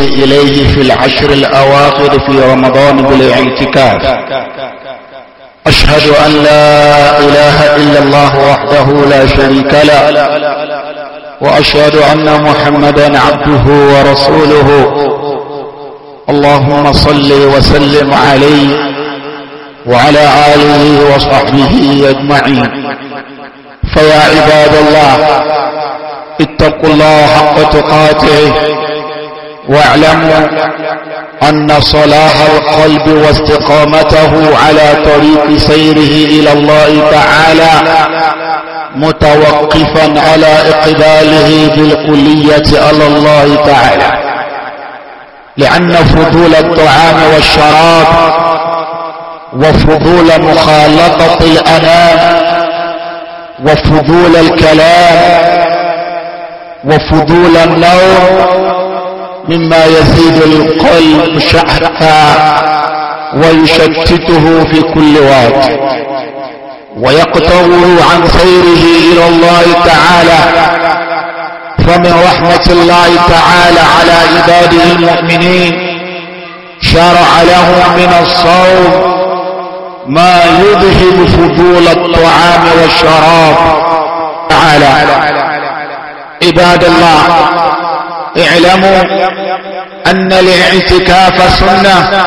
المشير إليه في العشر الأواخر في رمضان بالاعتكاف أشهد أن لا إله إلا الله وحده لا شريك له وأشهد أن محمدا عبده ورسوله اللهم صل وسلم عليه وعلى آله وصحبه أجمعين فيا عباد الله اتقوا الله حق تقاته واعلموا أن صلاح القلب واستقامته على طريق سيره إلى الله تعالى متوقفا على إقباله بالكلية على الله تعالى لأن فضول الطعام والشراب وفضول مخالطة الأنام وفضول الكلام وفضول النوم مما يزيد القلب شحا ويشتته في كل وقت ويقطعه عن خيره إلى الله تعالى فمن رحمة الله تعالى على عباده المؤمنين شرع لهم من الصوم ما يذهب فضول الطعام والشراب تعالى عباد الله اعلموا ان الاعتكاف سنة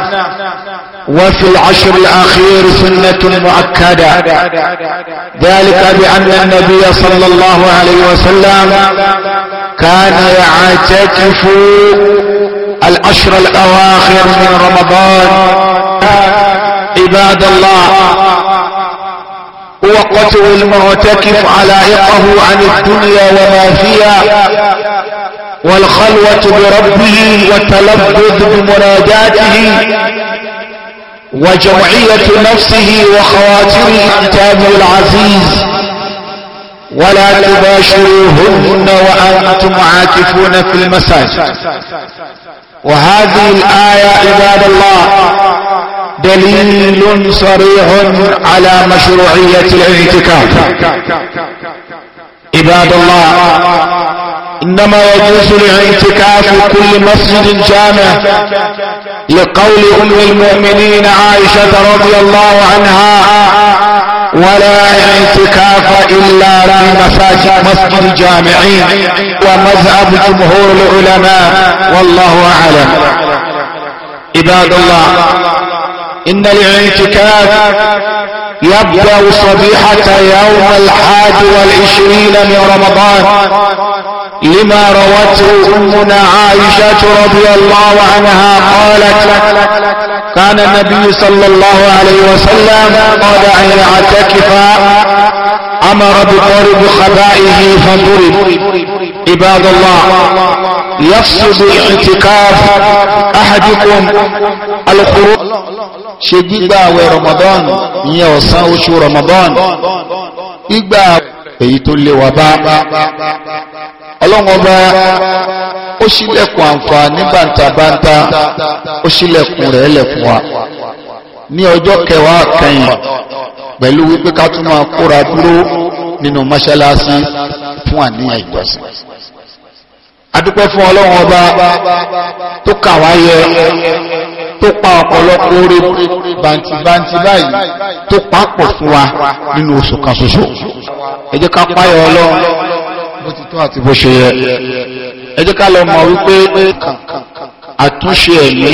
وفي العشر الاخير سنة مؤكدة ذلك بان النبي صلى الله عليه وسلم كان يعتكف العشر الاواخر من رمضان عباد الله وقته المعتكف علائقه عن الدنيا وما فيها والخلوة بربه والتلذذ بمناداته وجمعية نفسه وخواطره عن تابع العزيز ولا تباشروهن وأنتم عاكفون في المساجد وهذه الآية عباد الله دليل صريح على مشروعية الاعتكاف عباد الله إنما يجوز الاعتكاف كل مسجد جامع لقول أم المؤمنين عائشة رضي الله عنها ولا اعتكاف إلا في مساجد مسجد جامعين ومذهب جمهور العلماء والله أعلم عباد الله إن الاعتكاف يبدأ صبيحة يوم الحادي والعشرين من رمضان لما روته أمنا عائشة رضي الله عنها قالت كان النبي صلى الله عليه وسلم قد أن يعتكف أمر بطرد خبائه فضرب عباد الله يفسد اعتكاف أحدكم الخروج شديد رمضان يوصى رمضان إقبال èyí tó lé wa bá ọlọ́run ọba ó ṣílẹ̀kùn àǹfààní bàǹtàbàǹtà ó ṣílẹ̀kùn rẹ̀ lẹ̀kùn wa ní ọjọ́ kẹwàá kẹyìn pẹ̀lú wípé ká tún máa kóra dúró nínú mọ́ṣáláṣí fún àníyàn ìjọsìn adúpẹ́ fún ọlọ́run ọba tó kà wá yẹ tó pa ọ̀pọ̀lọpọ̀ orí bàǹtìbàǹtì báyìí tó pàápọ̀ fún wa nínú oṣù kan ṣoṣo ẹ jẹ́ ká páyọ̀ ọlọ́run bó ti tó àti bó ṣe yẹ ẹ ká lọ mọ̀ wípé àtúnṣe ẹ̀mí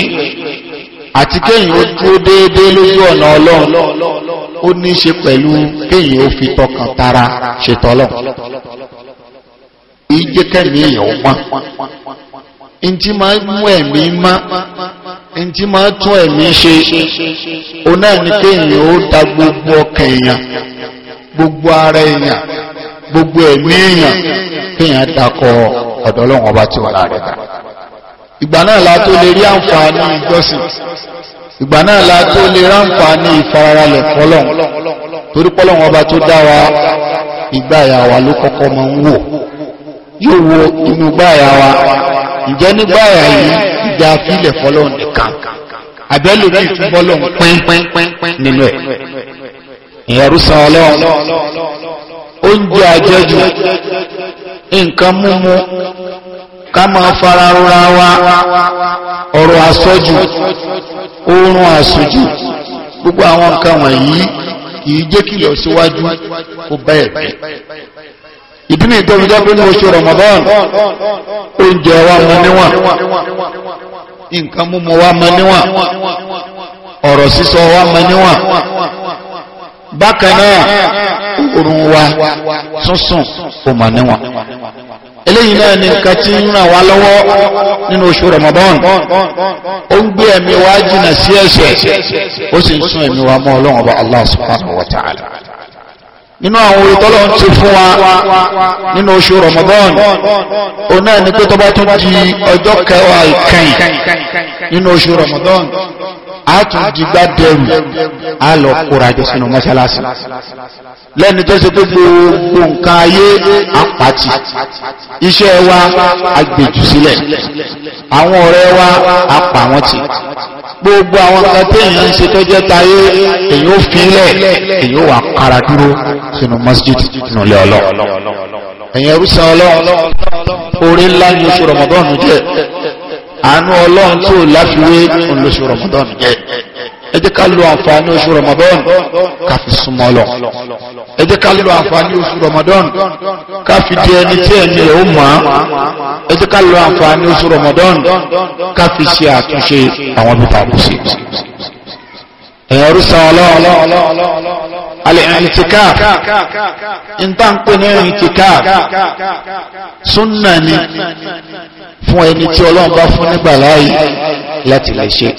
àti kéyìn ó dúró déédéé lójú ọ̀nà ọlọ́run ó ní í ṣe pẹ̀lú kéyìn ó fi tọkàn tara ṣètọ́lọ̀ ìjẹ́ kẹ́mi èèyàn mọ́ ntí máa mú ẹ̀mí má ntí ma tún ẹ̀mí ṣe òun náà ni kéèyàn ó da gbogbo ọkàn èèyàn gbogbo ara èèyàn gbogbo ẹ̀mí èèyàn kéèyàn dakọ̀ ọdọ ọlọ́run ọba tí wà láàrin ká ìgbà náà la tó lè rí àǹfààní ìjọsìn ìgbà náà la tó lè rí àǹfààní ìfararalẹ̀ fọlọ́run torí pọ́lọ́run ọba tó dá wa ìgbà ìyàwó ló kọ́kọ́ máa ń wò. yóò wo inú gbáyà wa ǹjẹ́ ní gbáyà yìí ìjà fílẹ̀ fọlọ́n nìkan àbẹ́lò ní ìtúbọ́lọ́n pínpínpín nínú ẹ̀ ìyẹ̀rú san ọlọ́run oúnjẹ àjẹjù nǹkan múmu ká máa fara rora wa ọ̀rọ̀ àsọjù oorun àsùjù gbogbo àwọn nǹkan wọ̀nyí kì í jẹ́ kí lọ síwájú kó bá ẹ̀ bẹ́ẹ̀ ìdí ni ìtọ́jú jẹ́ pé ní oṣù Ramadan oúnjẹ wa mọ níwọ̀n nǹkan mímu wa mọ níwọ̀n ọ̀rọ̀ sísọ wa mọ níwọ̀n bákan náà oorun wa sísùn ó mọ níwọ̀n eléyìí náà ni nǹkan tí ń ràn wá lọ́wọ́ nínú oṣù Ramadan ó ń gbé ẹ̀mí wa jìnnà sí ẹ̀ṣẹ̀ ó sì ń sún ẹ̀mí wa mọ́ Ọlọ́run ọba Allah subhanahu wa ta'ala nínú àwọn orí tọ́lọ̀ ń ṣe fún wa nínú oṣù Ramadan o náà ni pé tó tún di ọjọ́ kẹwàá ìkẹyìn nínú oṣù Ramadan a tún di gbá dẹrù a lọ kóra jọ sínú mọ́ṣáláṣí lẹ́ni tó ṣe gbogbo nǹkan ayé àpàtì iṣẹ́ wa agbèjù sílẹ̀ àwọn ọ̀rẹ́ wa apà wọn ti gbogbo àwọn nǹkan téèyàn ń ṣe tó jẹ́ tayé èyí ó fínlẹ̀ èyí ó wà kára dúró sínú masjid nílẹ̀ ọlọ́ ẹ̀yìn ẹrúsàn ọlọ́run orí ńlá ní oṣù rọmọdọ́ọ̀nù jẹ́ àánú ọlọ́run tó láfiwé ní oṣù rọmọdọ́ọ̀nù jẹ́ ẹ jẹ́ ká lo àǹfààní oṣù Ramadan ká fi súnmọ́ lọ ẹ jẹ́ ká lo àǹfààní oṣù Ramadan ká fi di ẹni tí ẹni ẹ̀ ó mọ̀ á ẹ ká lo àǹfààní oṣù Ramadan ká fi ṣe àtúnṣe àwọn ibi tààbù sí ẹ̀yàn rúṣà ọlọ́ọ̀lọ́ al-i'tikaf in ta ń pè ní i'tikaf ni fún ẹni tí Ọlọ́run bá fún nígbà láàyè láti lè ṣe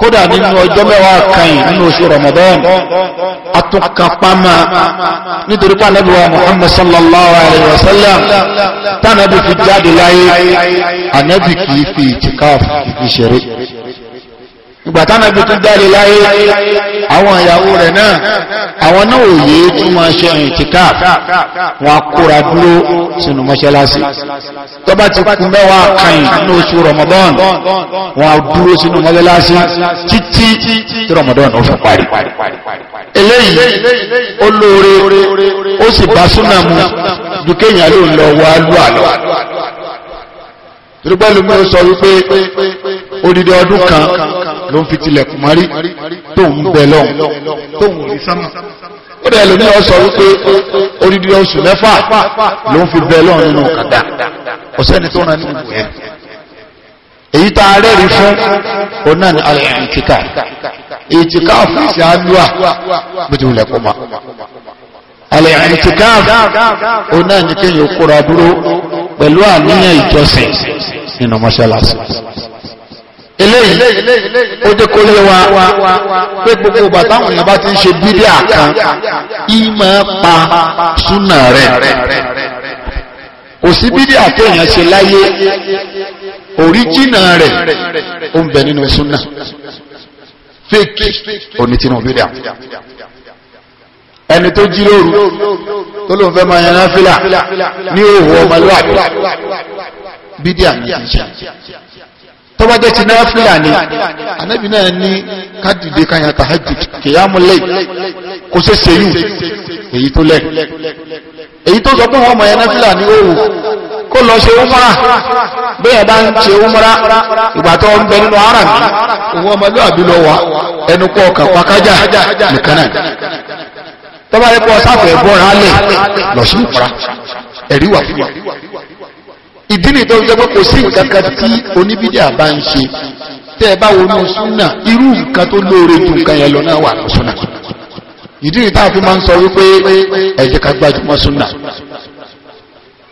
kódà nínú ọjọ́ mẹ́wàá kàyìn nínú oṣù Ramadan àtúnkàpámá nítorí pé Ànábì wa Muhammad sallallahu alayhi wa sallam tánàbí fi jáde láyé Ànábì kìí fi ìtìkáàfù kìí fi ṣeré ìgbà tánàbí tún jáde láyé àwọn ìyàwó rẹ̀ náà àwọn náà ò yé tún máa ṣe ìtìkáf wọn kóra dúró sínú mọ́ṣáláṣí tó ti kún mẹ́wàá kàyìn ní oṣù Ramadan wọn dúró sínú mọ́ṣáláṣí títí tí Ramadan ó fi parí eléyìí ó lóore ó sì bá súnà mu dùkéyìn àlóòlọ́wọ́ alúàlọ́ torípẹ́lú mi ó sọ wípé odidi ọdún kan ló ń fi tilẹ̀kùn mari. tó ń bẹ lọ́hùn tó ń rí sánmà ó dẹ̀ lómi ó sọ wípé odidi oṣù mẹ́fà ló ń fi bẹ lọ́hùn nínú kàdá ọ̀sẹ́ni tó rán nínú ẹ̀ èyí tá a rẹ́rí fún ọ̀nà ni alẹ́ ìtìká ìtìká fún ìsìn àdúrà bí ti wulẹ̀ kọ́ ma al-i'tikaf òun náà ní kéèyàn kóra dúró pẹ̀lú àníyàn ìjọsìn nínú mọ́ṣáláṣí eléyìí ó jẹ́ kó lé wa pé gbogbo bàtà àwọn èèyàn bá ti ń ṣe bídíà kan ìmọ̀ pa súnà rẹ̀ kò sí bídíà téèyàn ṣe láyé oríjìnà rẹ̀ ó ń bẹ nínú súnà fake onítìnú bídíà ẹni tó jí lóru tó ló ń fẹ́ máa yaná fílà ní òwò ọmọlúwàbí bídíà ní ìṣẹ́ tó bá jẹ́ ti náà fílà ní anábì náà ní kádìdé káyà tahajjud kìyàmú lẹ́yìn kò ṣe ṣe yìí èyí tó lẹ́ èyí tó sọ pé wọ́n mọ̀ yaná fílà ní òwò kó lọ ṣe umra bẹ́ẹ̀ bá ń ṣe umra ìgbà tó ń bẹ nínú ara mi òwò ọmọlúwàbí lọ wà ẹnu kọ́ ọkà pàkájà nìkan náà tọ́bá rẹ̀ pọ̀ sáfẹ́ bọ́ra lẹ̀ lọ́sí ìpara ẹ̀rí wà fún wa ìdí nìyí tó ń jẹ́ pé kò sí nǹkan kan tí oníbídíà bá ń ṣe tẹ́ ẹ bá wọnú súnà irú nǹkan tó lóore ju nǹkan yẹn lọ náà wà ní súnà ìdí nìyí tá a fi máa ń sọ wípé ẹ ká gbájúmọ́ súnà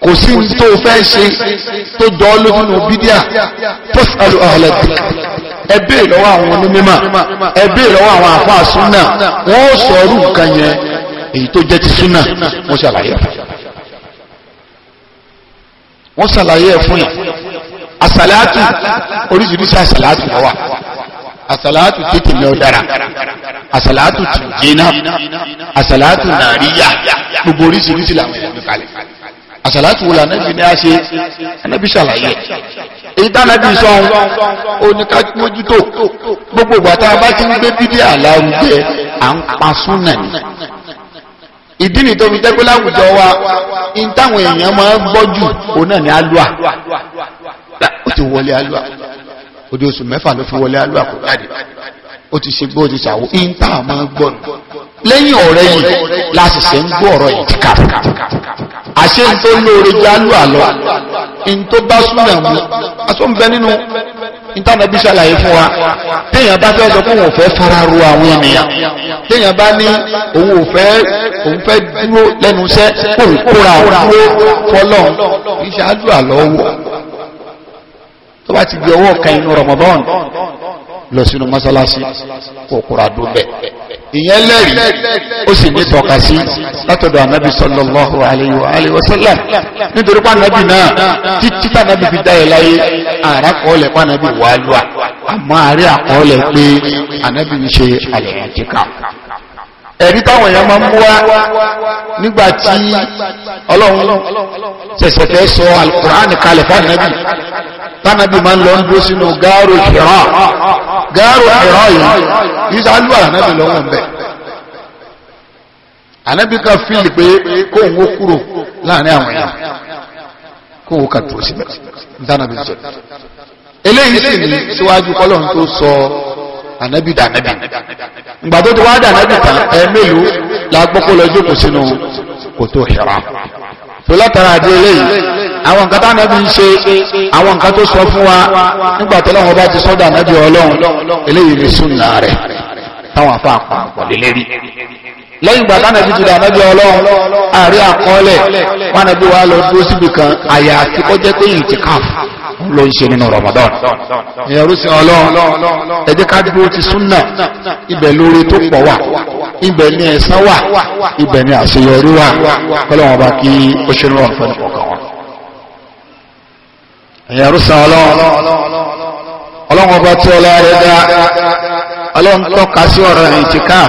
kò sí ní tó fẹ́ ṣe tó jọ lójú nù bídíà fọ́sàlù àhàlẹ́dì ẹbí lọ́wọ́ àwọn onímọ̀ ẹbí lọ́wọ́ àwọn àfáà súnà wọ́n sọ̀rọ̀ nǹkan yẹn èyí tó jẹ́ ti súnà wọ́n ṣàlàyé ẹ̀ wọ́n ṣàlàyé ẹ̀ fún yà àṣàlátù oríṣiríṣi àṣàlátù ló wà àṣàlátù tí kìíní ó dára àṣàlátù tí jìnnà àṣàlátù nàríyà gbogbo oríṣiríṣi làwọn èèyàn kalẹ̀ àṣàlátù wò lànàbí ní a ṣe ẹnàbí ṣàlàyé èyí tánàbí sọ oníkájúmójútó gbogbo ìgbà tá a bá ti ń gbé bídíà lárugẹ à ń pa súnà ni ìdí nìyí tó fi jẹ́ pé láwùjọ wa in táwọn èèyàn máa ń gbọ́ jù òun náà ní alúà ó ti wọlé alúà ó di oṣù mẹ́fà ló fi wọlé alúà kò jáde ó ti ṣe gbọ́ ó ti ṣàwó in táwọn máa ń gbọ́ nù lẹ́yìn ọ̀rẹ́ yìí láti ṣe ń gbọ́ ọ̀rọ̀ yìí kà àṣẹ ń tó lóore jálù àlọ́ in tó bá súnmọ̀ ẹ̀mú aṣọ́ nínú ìtànàbí ṣàlàyé fún wa téèyàn bá fẹ́ sọ pé òun ò fẹ́ fara ro àwọn ènìyàn téèyàn bá ní òun ò fẹ́ òun fẹ́ dúró lẹ́nu iṣẹ́ òun kóra dúró fọlọ́ ìṣáájú àlọ́ wọ̀ tó bá ti di ọwọ́ kan inú Ramadan lọ sínú mọ́sálásí kò kúra dùn bẹ́ẹ̀. ìyẹn lẹ́rìí ó sì ní tọ́ka sí látọ̀dọ̀ anabi sallallahu alayhi wa alayhi wa sallam nítorí pa anabi náà títí tá anabi fi dá ẹ láyé àrà kọ́ọ̀lẹ̀ pa anabi wà lùwà àmọ́ àrí àkọọ́lẹ̀ pé anabi ń ṣe àlẹ́ àjíkà ẹ̀rí táwọn èèyàn máa ń mú wá nígbàtí ọlọ́run ṣẹ̀ṣẹ̀ fẹ́ sọ alukur'an kalẹ̀ fún anabi tánàbí máa ń lọ ń dúró sínú gáàrò ìṣẹ̀rán gáàrù ẹ̀rọ yìí kìí ṣe ọhụrụ ànábì lọ́wọ́ mbẹ́ ànábì kan fíìlì pé kóhùn ó kúrò láàrin àwọn èèyàn kóhùn ó síbẹ̀ ntànàbì sọ eléyìí sì ní sọ ànábì dànábì tó ti wá dànábì tán la gbọ́ kó lọ jókòó sínú kòtò tó látara àwọn nǹkan tá ànábì ń ṣe àwọn nǹkan tó sọ fún wa nígbà tó lọ́wọ́ bá ti sọ́dọ̀ ànábì ọlọ́run eléyìí ni súnà rẹ̀ táwọn afá àpapọ̀ lélẹ́rí lẹ́yìn ìgbà tánà ti jùlọ ànábì ọlọ́run àrí àkọọ́lẹ̀ wọn àbí wa lọ dúró síbi kan àyà àti kọjẹ́ pé yìí ti káf ló ń ṣe nínú Ramadan èèyàn rúṣin ọlọ́run ẹ ká dúró ti súnà ibẹ̀ lóore tó pọ̀ wà ibẹ̀ ni ẹ̀san wà ibẹ̀ ni àṣeyọrí wà kọ́lọ́wọ́n bá kí ó ṣe ń rọrùn fún ẹnì ẹ̀yẹ̀rú san ọlọ́run ọlọ́run ọba tí ọlá rẹ̀ dá ọlọ́run tọ́ka sí ọ̀rọ̀ ìtìkáf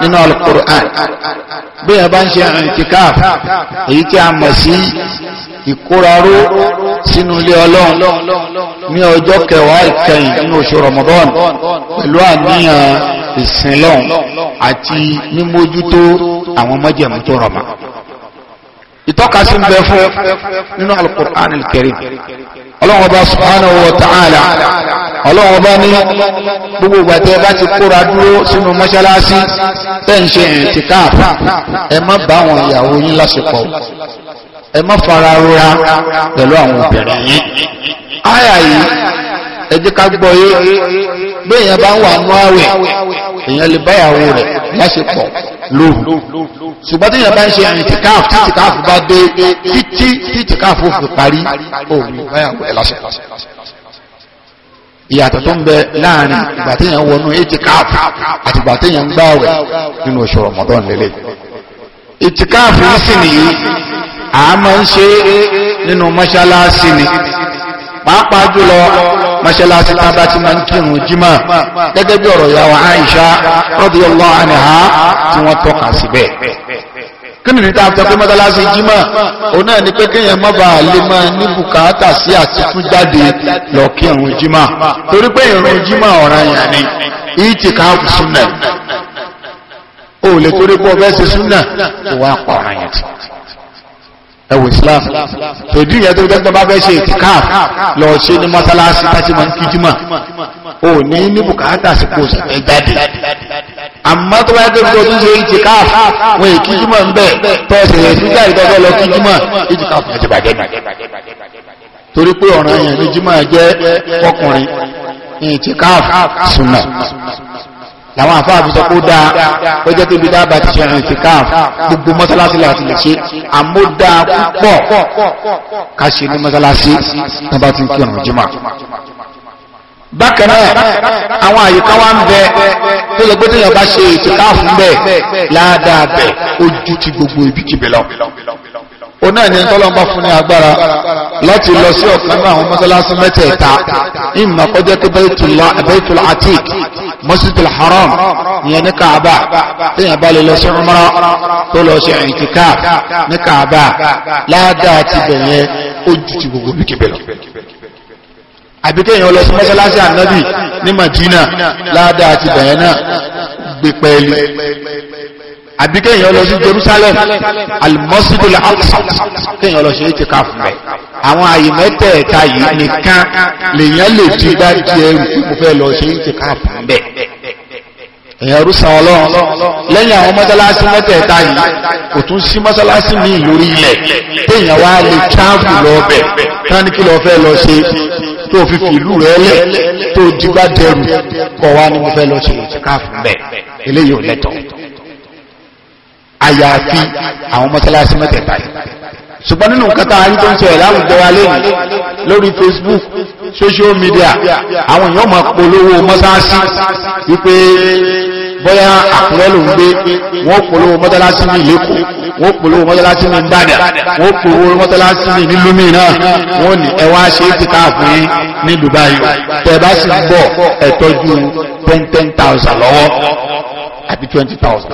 nínú alukur'an bí ẹ bá ń ṣe ìtìkáf èyí tí a mọ̀ sí ìkóraró sínú ilé ọlọ́run ní ọjọ́ kẹwàá ìkẹyìn nínú oṣù Ramadan pẹ̀lú àníyàn ìsìnlọ́run àti mímójútó àwọn májẹ̀mú tó rọ̀mọ́ ìtọ́ka sí ń bẹ fún nínú alukur'an al-Karim ọlọ́run ọba subhanahu wa ta'ala ọlọ́run ọba ní gbogbo ìgbàtẹ́ bá ti kóra dúró sínú mọ́ṣáláṣí tẹ́ ń ṣe ìtìkáàf ẹ má bá àwọn ìyàwó yín láṣepọ̀ ẹ má fara rora pẹ̀lú àwọn obìnrin yín áyà yìí ẹ jẹ́ ká gbọ́ yé bí èèyàn bá ń wà nú àwẹ̀ èèyàn lè báyàwó rẹ̀ láṣepọ̀ lóhùn ṣùgbọ́n tí èèyàn bá ń ṣe ìtìkáàfù tí ìtìkáàfù bá dé títí tí ìtìkáàfù fi parí òun báyàwó rẹ̀ láṣepọ̀ ìyàtọ̀ tó ń bẹ láàrin ìgbà tí èèyàn wọnú ìtìkáàfù àti ìgbà tí èèyàn ń gbààwẹ̀ nínú oṣù Ramadan lélẹ̀ ìtìkáàfù sì nìyí àá máa ń ṣe nínú mọ́ṣáláṣí ni pàápàá jùlọ mọ́ṣáláṣí tábà tí máa ń kírun jímà gẹ́gẹ́ bí ọ̀rọ̀ ìyàwó Àìṣà radiyallahu anha tí wọ́n tọ́ka síbẹ̀ kíni ní táa tẹ́kọ́ mọ́tàlásí jímọ̀ òun náà ni pé kéèyàn má bàa lè máa ní bùkátà sí àtikún jáde lọ kí ìrun jímọ̀ torí pé ìrun jímọ̀ ọ̀ranyàn ni èyí ti ká fún súnà ó lè torí pé ọbẹ̀ ṣe súnà tó wá pa ọ̀ranyàn tì ẹwọ islam tòdí ìyẹn tó fi dẹ́gbẹ́ bá fẹ́ ṣe ìtìkáàf lọ ṣe ní mọ́sálásí tá ti máa ń kí jímọ̀ ò ní ní bùkátà sí kò sì fẹ́ jáde àmọ́ tó bá yẹ kó tó ṣe ìtìkáàf wọn èkí jímọ̀ ń bẹ̀ tó ṣe yẹ sí jáde tó lọ kí ìtìkáàf yẹn bàjẹ́ nà torí pé ọ̀ràn yẹn ní jímọ̀ jẹ́ ọkùnrin ìtìkáàf sùnà làwọn àfáà fi sọ kó dáa ó jẹ́ pé bídá bá ti ṣe ẹ̀rìn ìfìká gbogbo mọ́sálásí láti lè ṣe àmúdá púpọ̀ káṣe ní mọ́sálásí tó bá ti ń kí ọ̀nà jímà bákan náà àwọn àyíká wa ń bẹ tó lọ gbé téèyàn bá ṣe ìfìká fún bẹ́ẹ̀ ládàá bẹ́ẹ̀ ó ju ti gbogbo ibikíbi lọ oní ẹni tọ́lọ́mbà fún ní agbára láti lọ sí ọ̀kan náà àwọn mọ́sálásí mẹ́tẹ̀ẹ̀ta ìmọ̀ kọjá pé baitul atik masjidul haram ìyẹn ní kaaba téèyàn bá lè lọ sí umra tó lọ sí ìkíkà ní kaaba ládàá ti bẹ̀yẹ ojú ti gbogbo bí kébẹ̀ àbí kéèyàn lọ sí mọ́sálásí ànábì ní madina ládàá ti bẹ̀yẹ náà gbé pẹ́ẹ́lí àbí kéèyàn lọ sí Jerusalem almasjidul aqsa kéèyàn lọ ṣe é ti ká fún ẹ àwọn àyè mẹ́tẹ̀ẹ̀ta yìí nìkan lèèyàn lè ti bá di ẹrù tí mo fẹ́ lọ ṣe é ti ká fún bẹ́ẹ̀ èèyàn rúṣà ọlọ́run lẹ́yìn àwọn mọ́sálásí mẹ́tẹ̀ẹ̀ta yìí kò tún sí mọ́sálásí ní ìlórí ilẹ̀ téèyàn wá lè travel lọ bẹ̀ tán kí lọ fẹ́ lọ ṣe tó fi fìlú rẹ̀ lẹ̀ tó digbá dẹrù kọ̀ wá ní mo fẹ́ lọ ṣe ìtìkáfù bẹ̀ eléyìí ò lẹ́tọ̀ọ́ àyàfi àwọn mọ́sálásí mẹ́tẹ̀ẹ̀ta yìí ṣùgbọ́n nínú nǹkan tá a rí tó ń sọ ẹ̀ láwùjọ wa lẹ́yìn lórí Facebook social media àwọn èèyàn máa polówó mọ́sálásí wípé bóyá àkúrẹ́ ló ń gbé wọ́n polówó mọ́sálásí ní ìlẹ́kọ̀ọ́ wọ́n polówó mọ́sálásí ní ìbàdàn wọ́n polówó mọ́sálásí ní ìlú mìíràn wọ́n ní ẹ wá ṣe é ti káàfin yín ní Dubai tẹ̀ bá sì ń bọ̀ ẹ tọ́jú ten ten thousand lọ́wọ́ àbí twenty thousand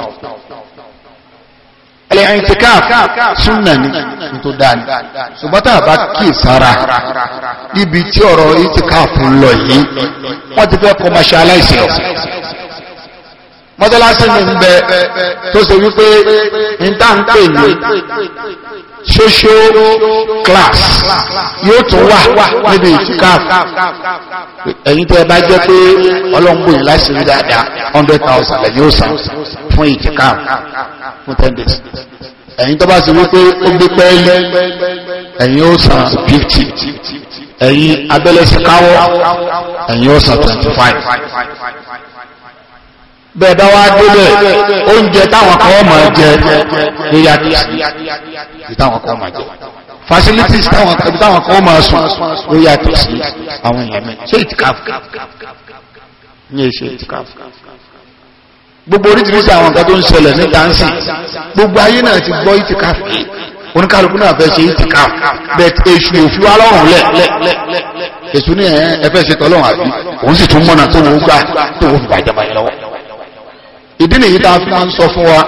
ẹ̀lẹ́ ìtìkáf súnà ní tó dáni ṣùgbọ́n tá a bá kí sára níbi tí ọ̀rọ̀ ìtìkáf lọ yìí wọ́n ti fẹ́ commercialize ẹ̀ mọ́tọ́lásí mi ń bẹ tó ṣe wípé ìtàǹpè ní social class yóò tún wà níbi ìtìkáf ẹ̀yin tẹ́ bá jẹ́ pé ọlọ́ngbò yìí láti rí dáadáa 100,000 lẹ́yìn ó sàn fún ìtìkáf fún ten days ẹ̀yin tó bá ṣe wípé ó gbé pẹ́ẹ́lí ẹ̀yin ó san fifty ẹ̀yin abẹ́lẹ́sẹ̀ káwọ́ ẹ̀yin ó san twenty five bẹ́ẹ̀ bá wá débẹ̀ oúnjẹ táwọn kan máa jẹ ní yàtí sí táwọn kan máa jẹ facilities táwọn kan máa sùn ló yàtí sí àwọn èèyàn mẹ́ ṣé ìtìkáfù gbogbo oríṣiríṣi àwọn nǹkan tó ń ṣẹlẹ̀ ní dáńsì gbogbo ayé náà ti gbọ́ ìtìkáfù oníkàlùkù náà fẹ́ ṣe ìtìkáfù bẹ́ẹ̀ èṣù òfin wa lọ́rùn lẹ̀ èṣù ní ẹ̀yẹn ẹfẹ́ ṣe tọ́lọ́run àbí òun sì tún mọ́nà tó wọ́n gbà tó wọ́n fi bá ìjọba lọ́wọ́ ìdí nìyí tá a fi máa ń sọ fún wa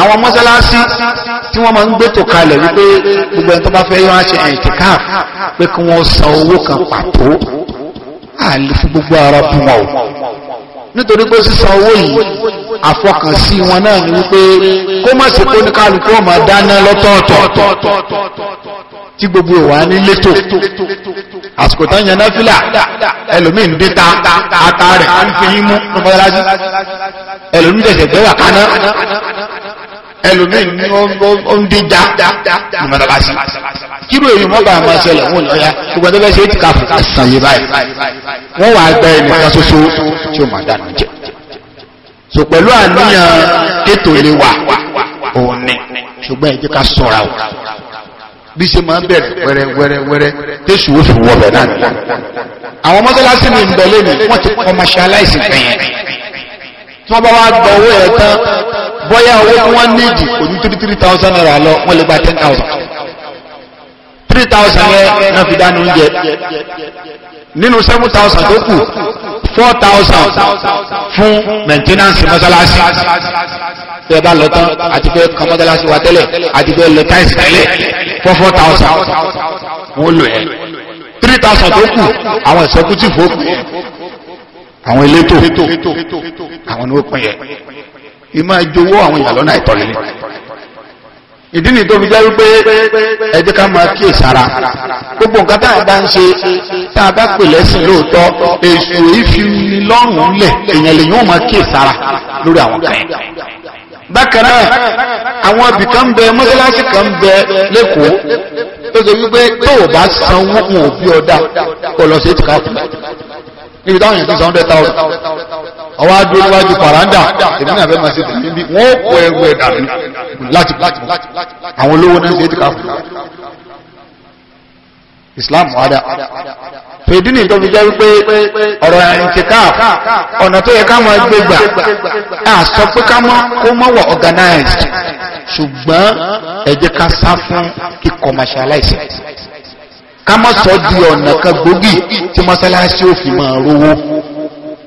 àwọn mọ́sálásí tí wọ́n máa ń gbétò kalẹ̀ wípé gbogbo ẹni tó bá fẹ́ yọ àṣẹ ìtìkáfù pé kí wọ́n san owó kan pàtó àlè fún gbogbo ara fún wọn o nítorí pé sísan owó yìí àfọkànsí wọn náà ni wípé kó má ṣe kó ní kálukú ọmọ dáná lọ́tọ̀ọ̀tọ̀ tí gbogbo ìwà ní létò àsìkò tán yẹn náfìlà ẹlòmíì ń dín ta ata rẹ̀ á ń fi yín mú ní mọ́tàlásí ẹlòmíì tẹ̀sẹ̀ gbẹ́wà kaná ẹlòmíì ń dín ja ní mọ́tàlásí kírò èyí wọ́n bá máa ṣẹlẹ̀ wọn lọ́yà ṣùgbọ́n tó fẹ́ ṣe é ti ká fún ẹ̀sán yìí báyìí wọ́n wàá gba ẹnìkan ṣoṣo tí ó máa dànù jẹ. so pẹ̀lú àníyàn ètò ìlera òun ni ṣùgbọ́n ẹ jẹ́ ká sọ̀ra o bí ṣe máa ń bẹ̀rẹ̀ wẹ́rẹ́ wẹ́rẹ́ wẹ́rẹ́ tẹ̀sù ó fi wọ̀ bẹ̀ náà nìyẹn. àwọn mọ́sálásí mi ń bọ̀ lónìí wọ́n ti commercialize gbẹ̀yẹn tí wọ́n bá wá gbọ́ owó ẹ̀ tán bóyá owó tí wọ́n níjì kò ní three three thousand naira lọ wọ́n lè gba ten thousand three thousand yẹn náà fi dánú oúnjẹ nínú seven thousand tó kù four thousand fún maintenance mọ́sálásí tẹ bá lọ tán àti pé kan mọ́sálásí wa tẹ́lẹ̀ àti pé lọ táìsì tẹ́lẹ̀ four four thousand wọ́n lò ẹ́ three thousand tó kù àwọn executive ó kù àwọn elétò àwọn ni ó pín yẹ ìmọ̀ ìjọwọ́ àwọn ìyàlọ́nà ìtọ́lẹ́lẹ́ ìdí ni tó fi jẹ́ wípé ẹ jẹ́ ká máa kíyè sára gbogbo nǹkan tá a bá ń ṣe tá a bá pè lẹ́sìn lóòótọ́ èṣù ìfìwé lọ́rùn lẹ̀ èèyàn lè yóò máa kíyè sára lórí àwọn kan yẹn. bákan náà àwọn ibì bẹ mọ́sálásí kan bẹ lẹ́kọ̀ọ́ tó ṣe wípé tó o bá sanwó wọn ò bí ọ dá kó lọ sí ètùkà fún mi níbi táwọn yẹn ti san hundred thousand ọwọ́ adó níwájú paranda èmi náà fẹ́ máa ṣe tẹ̀lé bí wọ́n kọ ẹrù ẹ̀ dànù láti pọ̀ àwọn olówó náà ṣe é ti ká fún islam wada fèdínì tó fi jẹ́ wípé ọ̀rọ̀ ẹ̀rìn ti káà ọ̀nà tó yẹ ká máa gbé gbà á sọ pé ká mọ́ kó mọ́ wọ̀ organized ṣùgbọ́n ẹ jẹ́ ká sá fún kíkọmọṣáláìsì ká mọ́ sọ di ọ̀nà kan gbòógì tí mọ́ṣáláṣí ò máa rówó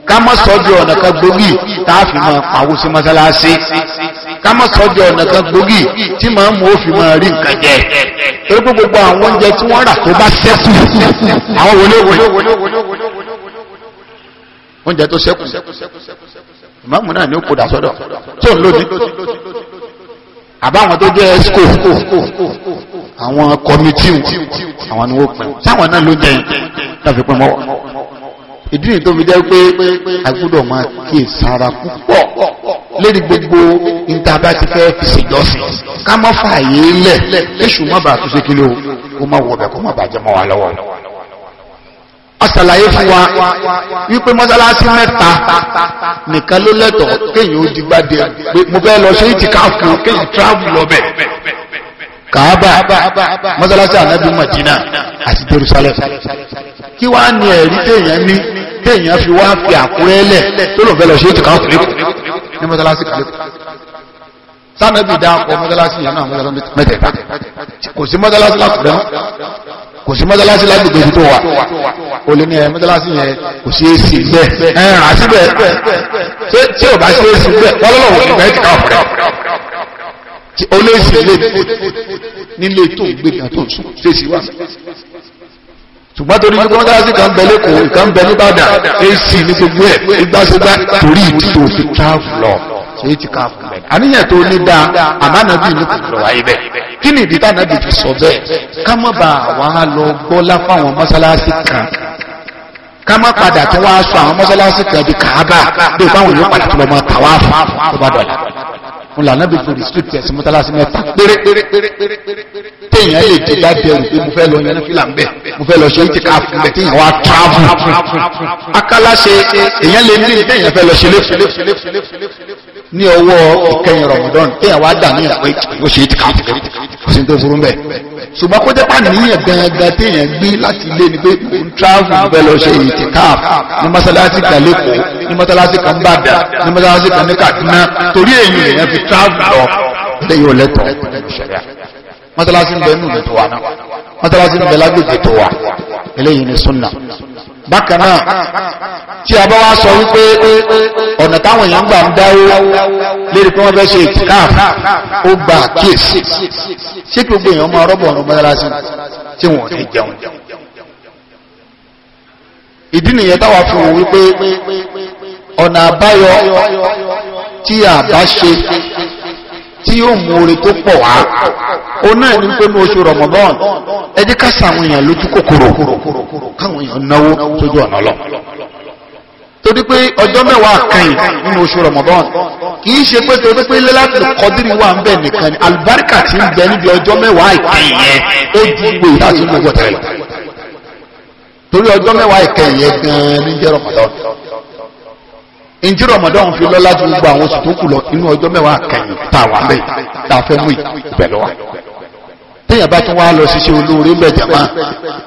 ká má sọ bí ọ̀nà kan gbòógì tá a fi máa pawó sí mọ́sálásí ká má sọ bí ọ̀nà kan gbòógì tí màá mú òfin máa rí nǹkan jẹ torí pé gbogbo àwọn oúnjẹ tí wọ́n rà tó bá ṣẹ́kù àwọn wọléwọlé oúnjẹ tó ṣẹ́kù ìmáàmù náà ni ó kódà sọ́dọ̀ tó ń lónìí àbáwọn tó jẹ́ ẹ́sìkò àwọn kọmitíù àwọn ni wọ́n pẹ̀ táwọn náà ló jẹ́ yẹn láfi pẹ́ mọ́wọ́ ìdí nìyí tó fi jẹ́ pé a gbọ́dọ̀ máa kíyè sára púpọ̀ lórí gbogbo níta bá ti fẹ́ fi ṣèjọsìn ká mọ́ fààyè lẹ̀ léṣù má bàa tó ṣe kí ló kó má wọbẹ̀ kó má bàjẹ́ mọ́ wa lọ́wọ́. ọ̀sàlàyé fún wa wípé mọ́sálásí mẹ́ta nìkan ló lẹ́tọ̀ọ́ kéèyàn ó digbá dé mo fẹ́ lọ ṣe é ti ká fún kéèyàn tíráàbù lọ bẹ̀ kaaba mọ́sálásí ànábì madina àti jerusalem kí wàá ní ẹ̀rí téèyàn ní téèyàn fi wá fi àkúrẹ́ lẹ̀ tó lòun fẹ́ lọ ṣe é ti kàn fún ikú ní mọ́sálásí kàlẹ́kù sanabi dáàpọ̀ mọ́sálásí yẹn náà mọ́sálásí mẹ́tẹ̀ẹ̀ta kò sí mọ́sálásí lákùrẹ́ kò sí mọ́sálásí lágbègbè ibi tó wà o lè ní ẹ mọ́sálásí yẹn kò sí èsì bẹ́ẹ̀ ẹ̀ rà síbẹ̀ tí ò bá sí èsì bẹ́ẹ̀ wọ́n lọ́wọ́ òkú bẹ́ẹ̀ ti ká ọ̀pọ̀rẹ́ olóòsì lè nílé tó gbé kan tó sùn fèsì wà ṣùgbọ́n torí gbogbo wọn dáhàsí kan bẹ lẹ́kọ̀ọ́ kan bẹ nìbàdàn ac ní gbogbo ẹ̀ ìgbàsígbà torí ìdí tó fi káàfù lọ èyí ti káàfù bẹ̀ àníyàn tó ní dáa àmánàbí ní kò lọ wáyé bẹ́ẹ̀ kí ni ìdí tánàbí fi sọ bẹ́ẹ̀ ká má ba àwa lọ gbọ́lá fáwọn mọ́sálásí kan ká má padà tó wá sọ àwọn mọ́sálásí kan di kàábà bí báwọn yóò padà tó lọ ńlá anábì fún restrict ẹ̀sìn mọ́tàlásí mẹ́ta péré téèyàn lè ti jáde ẹ̀rù pé mo fẹ́ lọ yẹn fìlà ń bẹ̀ mo fẹ́ lọ ṣe é ti ká fún bẹ̀ téèyàn wá travel akálá ṣe èèyàn lè ní ìdẹ́yìn fẹ́ lọ ṣe lé ní ọwọ́ ìkẹyìn Ramadan téèyàn wá dà níyàn pé ó ṣe é ti káàpù kò sí tó burú bẹ́ẹ̀ ṣùgbọ́n kó jẹ́pà níyàn gangan téèyàn gbé láti ilé ni pé kò ń travel bẹ́ẹ̀ lọ ṣe ìtì káàpù ní mọ́sálásí kan lẹ́kọ̀ọ́ ní mọ́sálásí kan bàdà ní mọ́sálásí kan ní Kaduna torí èyí èèyàn fi travel lọ lẹ́yìn olẹ́tọ̀ mọ́sálásí ń bẹ nù lẹ́tọ̀ wa mọ́sálásí ń bẹ lágbègbè tó wa eléyìí ni sunna bákan náà tí a bá wá sọ wípé ọ̀nà táwọn èèyàn gbà ń dáwó lérí pé wọ́n fẹ́ ṣe ìtìkáf ó gba àkíyèsí ṣé gbogbo èèyàn máa rọ́bọ̀ ọ̀run mọ́tàlásí tí wọ́n ti jẹun ìdí nìyẹn táwa fi wò wípé ọ̀nà àbáyọ tí a ṣe tí yóò mú oore tó pọ̀ wá o náà ní pé ní oṣù Ramadan ẹ jẹ́ ká sàwọn èèyàn lójú kòkòrò káwọn èèyàn náwó sójú ọ̀nà lọ torí pé ọjọ́ mẹ́wàá kẹ́yìn nínú oṣù Ramadan kì í ṣe pé torí pé lẹ́láàtì kọ́dírì wà ń bẹ nìkan ni àlùbáríkà ti ń bẹ níbi ọjọ́ mẹ́wàá ìkẹyìn yẹn ó ju gbé ìdásí gbogbo tẹ̀lé torí ọjọ́ mẹ́wàá ìkẹyìn yẹn gan-an ní jẹ́ Ramadan njẹ́ Ramadan fi lọ́lá ju gbogbo àwọn oṣù tó kù lọ inú ọjọ́ mẹ́wàá kẹ́yìn tá a wà bẹ́ẹ̀ tá a fẹ́ mú ìbẹ̀lẹ̀ wa téèyàn bá tún wá lọ ṣiṣẹ́ olóore ń bẹ̀ jàmá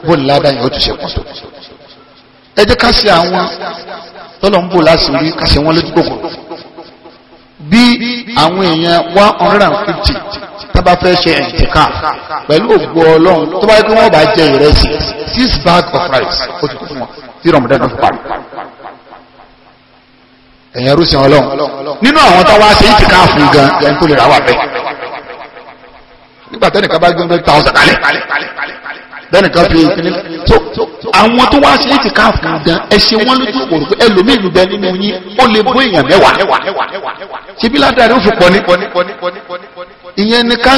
bó ní ládàá yẹn ó ti ṣe pọ̀ tó ẹ jẹ́ ká ṣe àwọn tọ́lọ̀ ń bò láti rí ká ṣe wọ́n lójú kòkòrò bí àwọn èèyàn one hundred and fifty tábà fẹ́ ṣe ẹ̀ǹtìká pẹ̀lú ògbó ọlọ́run tó bá yẹ kí wọ́n bá jẹ ìrẹsì six bags of rice ó ti tó fún wọn tí Ramadan náà fi parí ẹ̀yìn ẹrú sin ọlọ́run nínú àwọn tó wá ṣe é ti ká fún gan ẹni tó lè rà wà bẹ́ẹ̀ nígbà tẹ́nìkan bá gbẹ́ngbẹ́ ta ọ̀sán kalẹ̀ tẹ́nìkan fi ìpínlẹ̀ tó àwọn tó wá ṣe é ti ká fún gan ẹ ṣe wọ́n lójú òwòrò pé ẹlòmíì lù bẹ nínú yín ó lè bó èèyàn mẹ́wàá ṣebí ládàá ló fi pọ̀ ní ìyẹn ni ká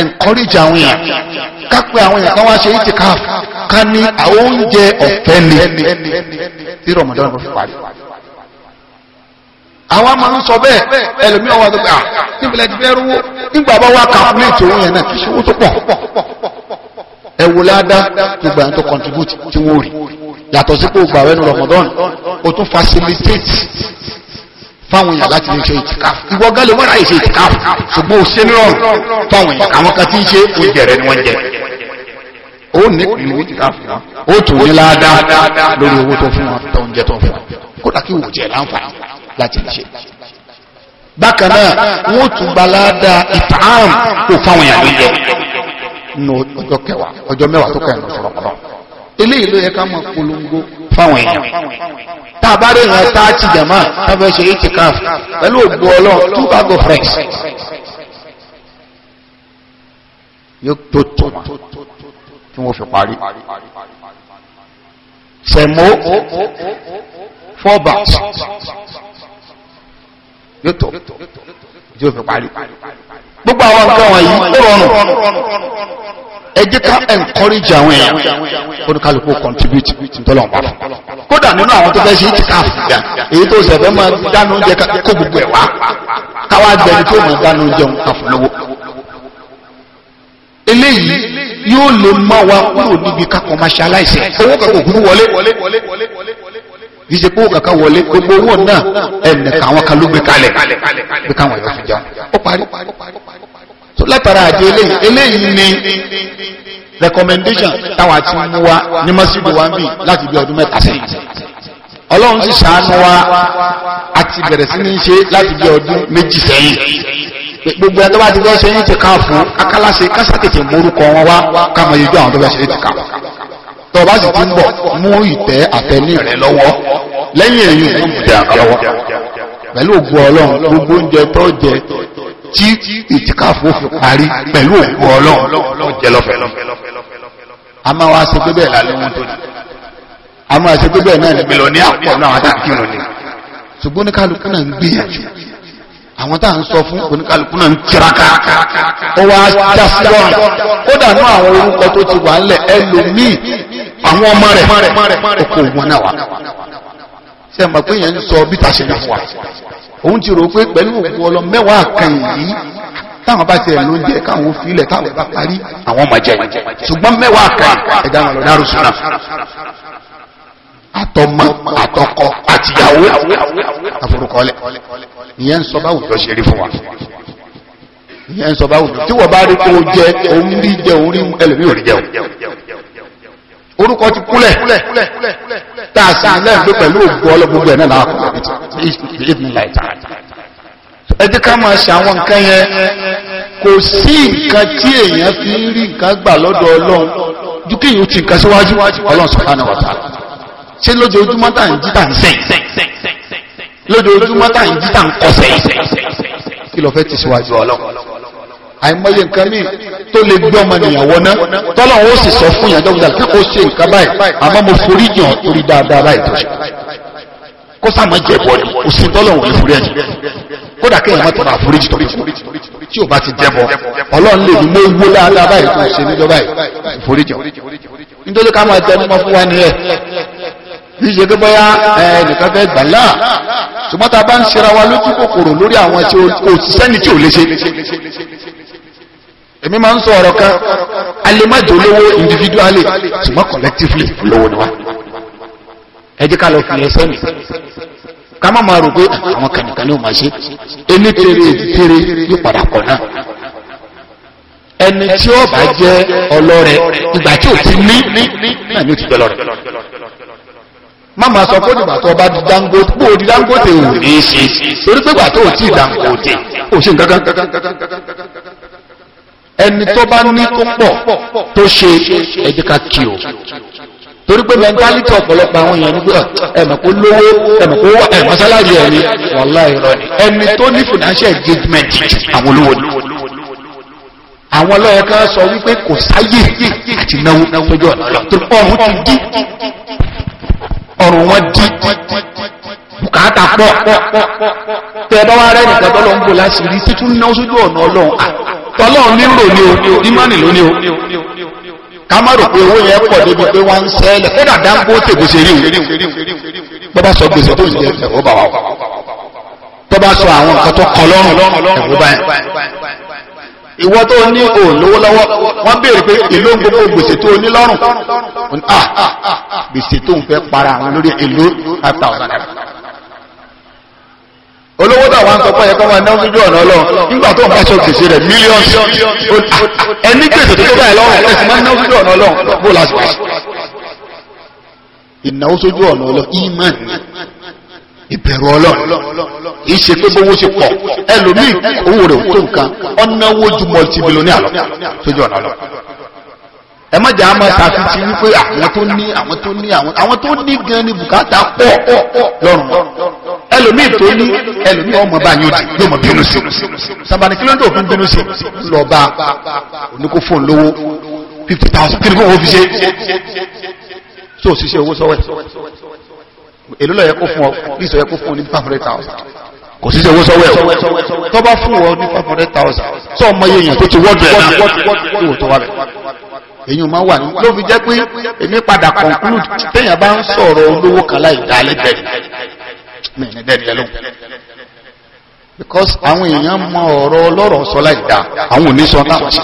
encourage àwọn èèyàn ká pé àwọn èèyàn kan wá ṣe é ká ní àwọn oúnjẹ ọ̀fẹ́ ni tí Ramadan fi parí àwọn máa ń sọ bẹ́ẹ̀ ẹlòmí ọwọ́ àti gbà ah, níbìlẹ̀ ti fẹ́ rówó nígbà bá wà kàkúléètì owó yẹn náà kì í ṣòwò tó pọ̀ ẹ wò ládá gbogbo àwọn tó contribute tí wọ́n rí yàtọ̀ sí pé o gbà wẹ́nu Ramadan o tún facilitate fáwọn èèyàn láti lè ṣe ìtìkáfù ìwọ gálẹ̀ wọ́n ráyè ṣe ìtìkáfù ṣùgbọ́n o ṣe ní rọrùn fáwọn èèyàn àwọn kan tí ń ṣe oúnjẹ rẹ ni wọ́n jẹ ó ní ìlú ìtìkáfù ó tún ní ládá lórí owó tó fún wọn tó ń jẹ tó fún wọn kódà kí wò jẹ láǹfààní láti lè ṣe bákan náà wọ́n tún gbalada ìtààm kò fáwọn èèyàn lóúnjẹ nù ọjọ́ kẹwàá ọjọ́ mẹ́wàá tó kẹrin lọ́sọ̀rọ̀ kọ́nà eléyìí ló yẹ ká mọ polongo fáwọn èèyàn tá a bá rí ìran tá a ti jàmá tá a fẹ́ ṣe itikaf pẹ̀lú ògbó ọlọ́run two bag of rice yóò tó tó wọn tí wọ́n fi parí sẹ̀mó four bags yóò tó tí ó fi parí gbogbo àwọn nǹkan wọ̀nyí ó rọrùn ẹ jẹ́ ká encourage àwọn èèyàn oníkálukú contribute tọ́lọ̀ ń bá fún kódà nínú àwọn tó fẹ́ sí ìtìká àfìyà èyí tó ṣẹ̀fẹ́ máa dánú oúnjẹ kó gbogbo ẹ̀ wá káwá gbẹni tó máa dánú oúnjẹ ń kàfún lọ́wọ́ eléyìí yóò lè mọ́ wa kúrò níbi ká commercialize owó kankan òkú wọlé kì í ṣe kówó kankan wọlé gbogbo owó náà ẹnìkan àwọn kan ló gbé kalẹ̀ gbé káwọn yóò fi jẹun ó parí so látara àjẹ eléyìí eléyìí ni recommendation táwa ti mú wa ní masidu wa ń bì láti bí ọdún mẹ́ta sẹ́yìn ọlọ́run sì ṣàánú wa àti bẹ̀rẹ̀ sí ní ṣe láti bí ọdún méjì sẹ́yìn gbogbo ẹni tó bá ti gbọ́ ṣe yín ti fún akálàṣe kásá tètè wọn wá ká mọ àwọn tó bá ṣe yín ti tó o bá sì ti ń bọ̀ mú ìtẹ́ àtẹní rẹ lọ́wọ́ lẹ́yìn èyí mú ìtẹ́ àkọlọ́wọ́ pẹ̀lú ògùn ọlọ́run gbogbo oúnjẹ tó jẹ tí ìtìkáfò fi parí pẹ̀lú ògùn ọlọ́run ó jẹ lọ́fẹ̀ẹ́ a máa wá ṣe pé bẹ́ẹ̀ wọn tó ní a máa ṣe pé náà ní mílíọ̀nù ní àpọ̀ náà àti àkírun ni ṣùgbọ́n oníkálukú náà ń gbìyànjú àwọn tá à ń sọ fún oníkálukú náà ń tiraka ó wá jásí lọ́rùn kódà náà àwọn orúkọ tó ti wà ńlẹ̀ ẹlòmíì àwọn ọmọ rẹ̀ oko wọn náà wà ṣe é pé yẹn ń sọ bí ta ṣe lè fún wa òun ti rò pé pẹ̀lú òkú ọlọ mẹ́wàá kan yìí táwọn bá ti ẹ̀ ló ń jẹ́ káwọn òfìlẹ̀ táwọn bá parí àwọn ọmọ jẹ ṣùgbọ́n mẹ́wàá kan ẹ̀dá wọn lọ dárò sọ́nà àtọmọ àtọkọ àtìyàwó àforúkọlẹ ìyẹn ń sọ báwo lọ ṣe rí fún wa ìyẹn ń sọ báwo lọ tí wọ́n bá rí kó jẹ òun rí jẹ òun rí ẹlòmíì ò rí jẹ òun orúkọ ti kúlẹ̀ táà sí ilẹ̀ ìlú pẹ̀lú ògbó ọlọ́gbogbo ẹ̀ náà láàkùn ẹ jẹ́ ká máa ṣe àwọn nǹkan yẹn kò sí nǹkan tí èèyàn fi ń rí nǹkan gbà lọ́dọ̀ ọlọ́run ju kí èèyàn ti nǹkan síwájú ọlọ́run subhanahu wa ta'ala ṣé lójoojúmọ́ tá à ń jí ń sẹ̀ lójoojúmọ́ tá à ń jí ń kọsẹ̀ kí ló fẹ́ ti síwájú ọlọ́run àìmọye nǹkan míì tó lè gbé ọmọ nìyàn wọná tọ́lọ̀ ó sì sọ fún ìyàjọ́ ìdàlù kí kò ṣe nǹkan báyìí àmọ́ mo forí jàn torí dáadáa báyìí tó ṣe kó sàmọ́ jẹ́ bọ́ ni kò sí tọ́lọ̀ òun ìfúri ẹ̀jẹ̀ kódà kí èèyàn má tọrọ àforíjì tó tí ò bá ti jẹ́ bọ́ ọlọ́run lè ní mo wó dáadáa báyìí tó ṣe níjọba ìforíjàn nítorí ká máa tẹnu mọ́ fún wa nìyẹn bí ṣe kí bóyá ẹnìkan fẹ́ gbà láà ṣùgbọ́n tá a bá ń ṣera wa lójú kòkòrò lórí àwọn tí òṣìṣẹ́ ni tí ò lè ṣe èmi máa ń sọ ọ̀rọ̀ kan a lè má jò lówó individually ṣùgbọ́n collectively lówó ni wá ẹ jẹ́ ká lọ fi ẹsẹ̀ mi ká má máa rò pé àwọn kànìkan ló máa ṣe ẹni tèrè tèrè yóò padà kọ̀ náà ẹni tí ó bá jẹ́ ọlọ́rẹ ìgbà tí ò ti ní náà ni ó ti jẹ́ ọlọ́rẹ má máa sọ fún ìgbà tó ọba di Dangote bó o di Dangote ò ní í ṣe torí pé ìgbà tó o ti Dangote ò ṣe nǹkan kan ẹni tó bá ní tó pọ̀ tó ṣe ẹ̀díkà kí o torí pé mẹ́ntálítì ọ̀pọ̀lọpọ̀ àwọn èèyàn nígbà ẹ̀mọ̀ kó lówó ẹ̀mọ̀ kó wà ẹ̀mọ̀ sálárì ẹ̀mí wàláhì rọ ni ẹni tó ní financial engagement àwọn olówó ni àwọn ọlọ́yẹ kan sọ wípé kò sáyè àti náwó sójú ọ̀nà lọ torí ọrùn ti dí ọrùn wọn dí kàátà pọ̀ tẹ bá wá rẹ nìkan tọ́lọ́ ń bò láṣìírí títún náà sójú ọ̀nà ọlọ́run tọ́lọ́run ní rò ní o ìmọ̀nì ló ní o ká má rò pé owó yẹn pọ̀ débi pé wọ́n ń sẹ́lẹ̀ kódà Dangote kò ṣe rí o bọ́bá sọ gbèsè tó ń jẹ ẹ̀rọ bá wa bọ́bá sọ àwọn nǹkan tó kọ lọ́rùn ẹ̀rọ báyìí ìwọ tó ní o lówó lọ́wọ́ wọ́n béèrè pé èló ń gbogbo gbèsè tó ní lọ́rùn ah gbèsè tó ń fẹ́ para àwọn lórí èló five thousand naira olówó tàwa ń sọ pé ẹ̀kọ́ máa náwó sójú ọ̀nà ọlọ́run nígbà tó ń bá ṣe gbèsè rẹ̀ mílíọ̀nù ẹni gbèsè tó báyìí lọ́rùn ẹ̀sìn máa náwó sójú ọ̀nà ọlọ́run bó lásìkò ìnáwó sójú ọ̀nà ọlọ́run ìmàn ìbẹ̀rù ọlọ́run ìṣe pé bówó ṣe pọ̀ ẹlòmíì owó rẹ̀ tó nǹkan ọ̀nàwó ju mọ̀tìmílíọ̀nì àlọ́ sójú ọ̀nà ọlọ́run ẹ má jà á máa ta fiti wípé àwọn tó ní àwọn tó ní àwọn tó ní gan ni bùkátà pọ̀ lọ́rùn ẹlòmíì tó ní ẹlòmíì ọmọ bá yóò di yóò mọ bínú sí sàbàní kí ló ń dò fún bínú sí lọ bá oníkó fóun lówó fifty thousand kí ni kò wọ́n fi ṣe tó ṣiṣẹ́ owó sọ́wẹ́ èlò lọ́yẹ kó fún ọ ní ìsọ̀yẹ kó fún ọ ní five hundred thousand kò sí owó sọ́wọ́ ẹ̀ tó bá fún ọ ní five hundred thousand tó ọmọ yẹn yẹn tó ti wọ́ọ̀dù ẹ̀ náà tó wò tó wà bẹ̀ èyí máa wà ní ló fi jẹ́ pé èmi padà conclude téèyàn bá ń sọ̀rọ̀ olówó kan láì dá lẹ́gbẹ̀ẹ́ mi ní dẹ́ni ẹlò because àwọn èèyàn mọ ọ̀rọ̀ ọlọ́rọ̀ sọ láì dá àwọn òní sọ táwọn sí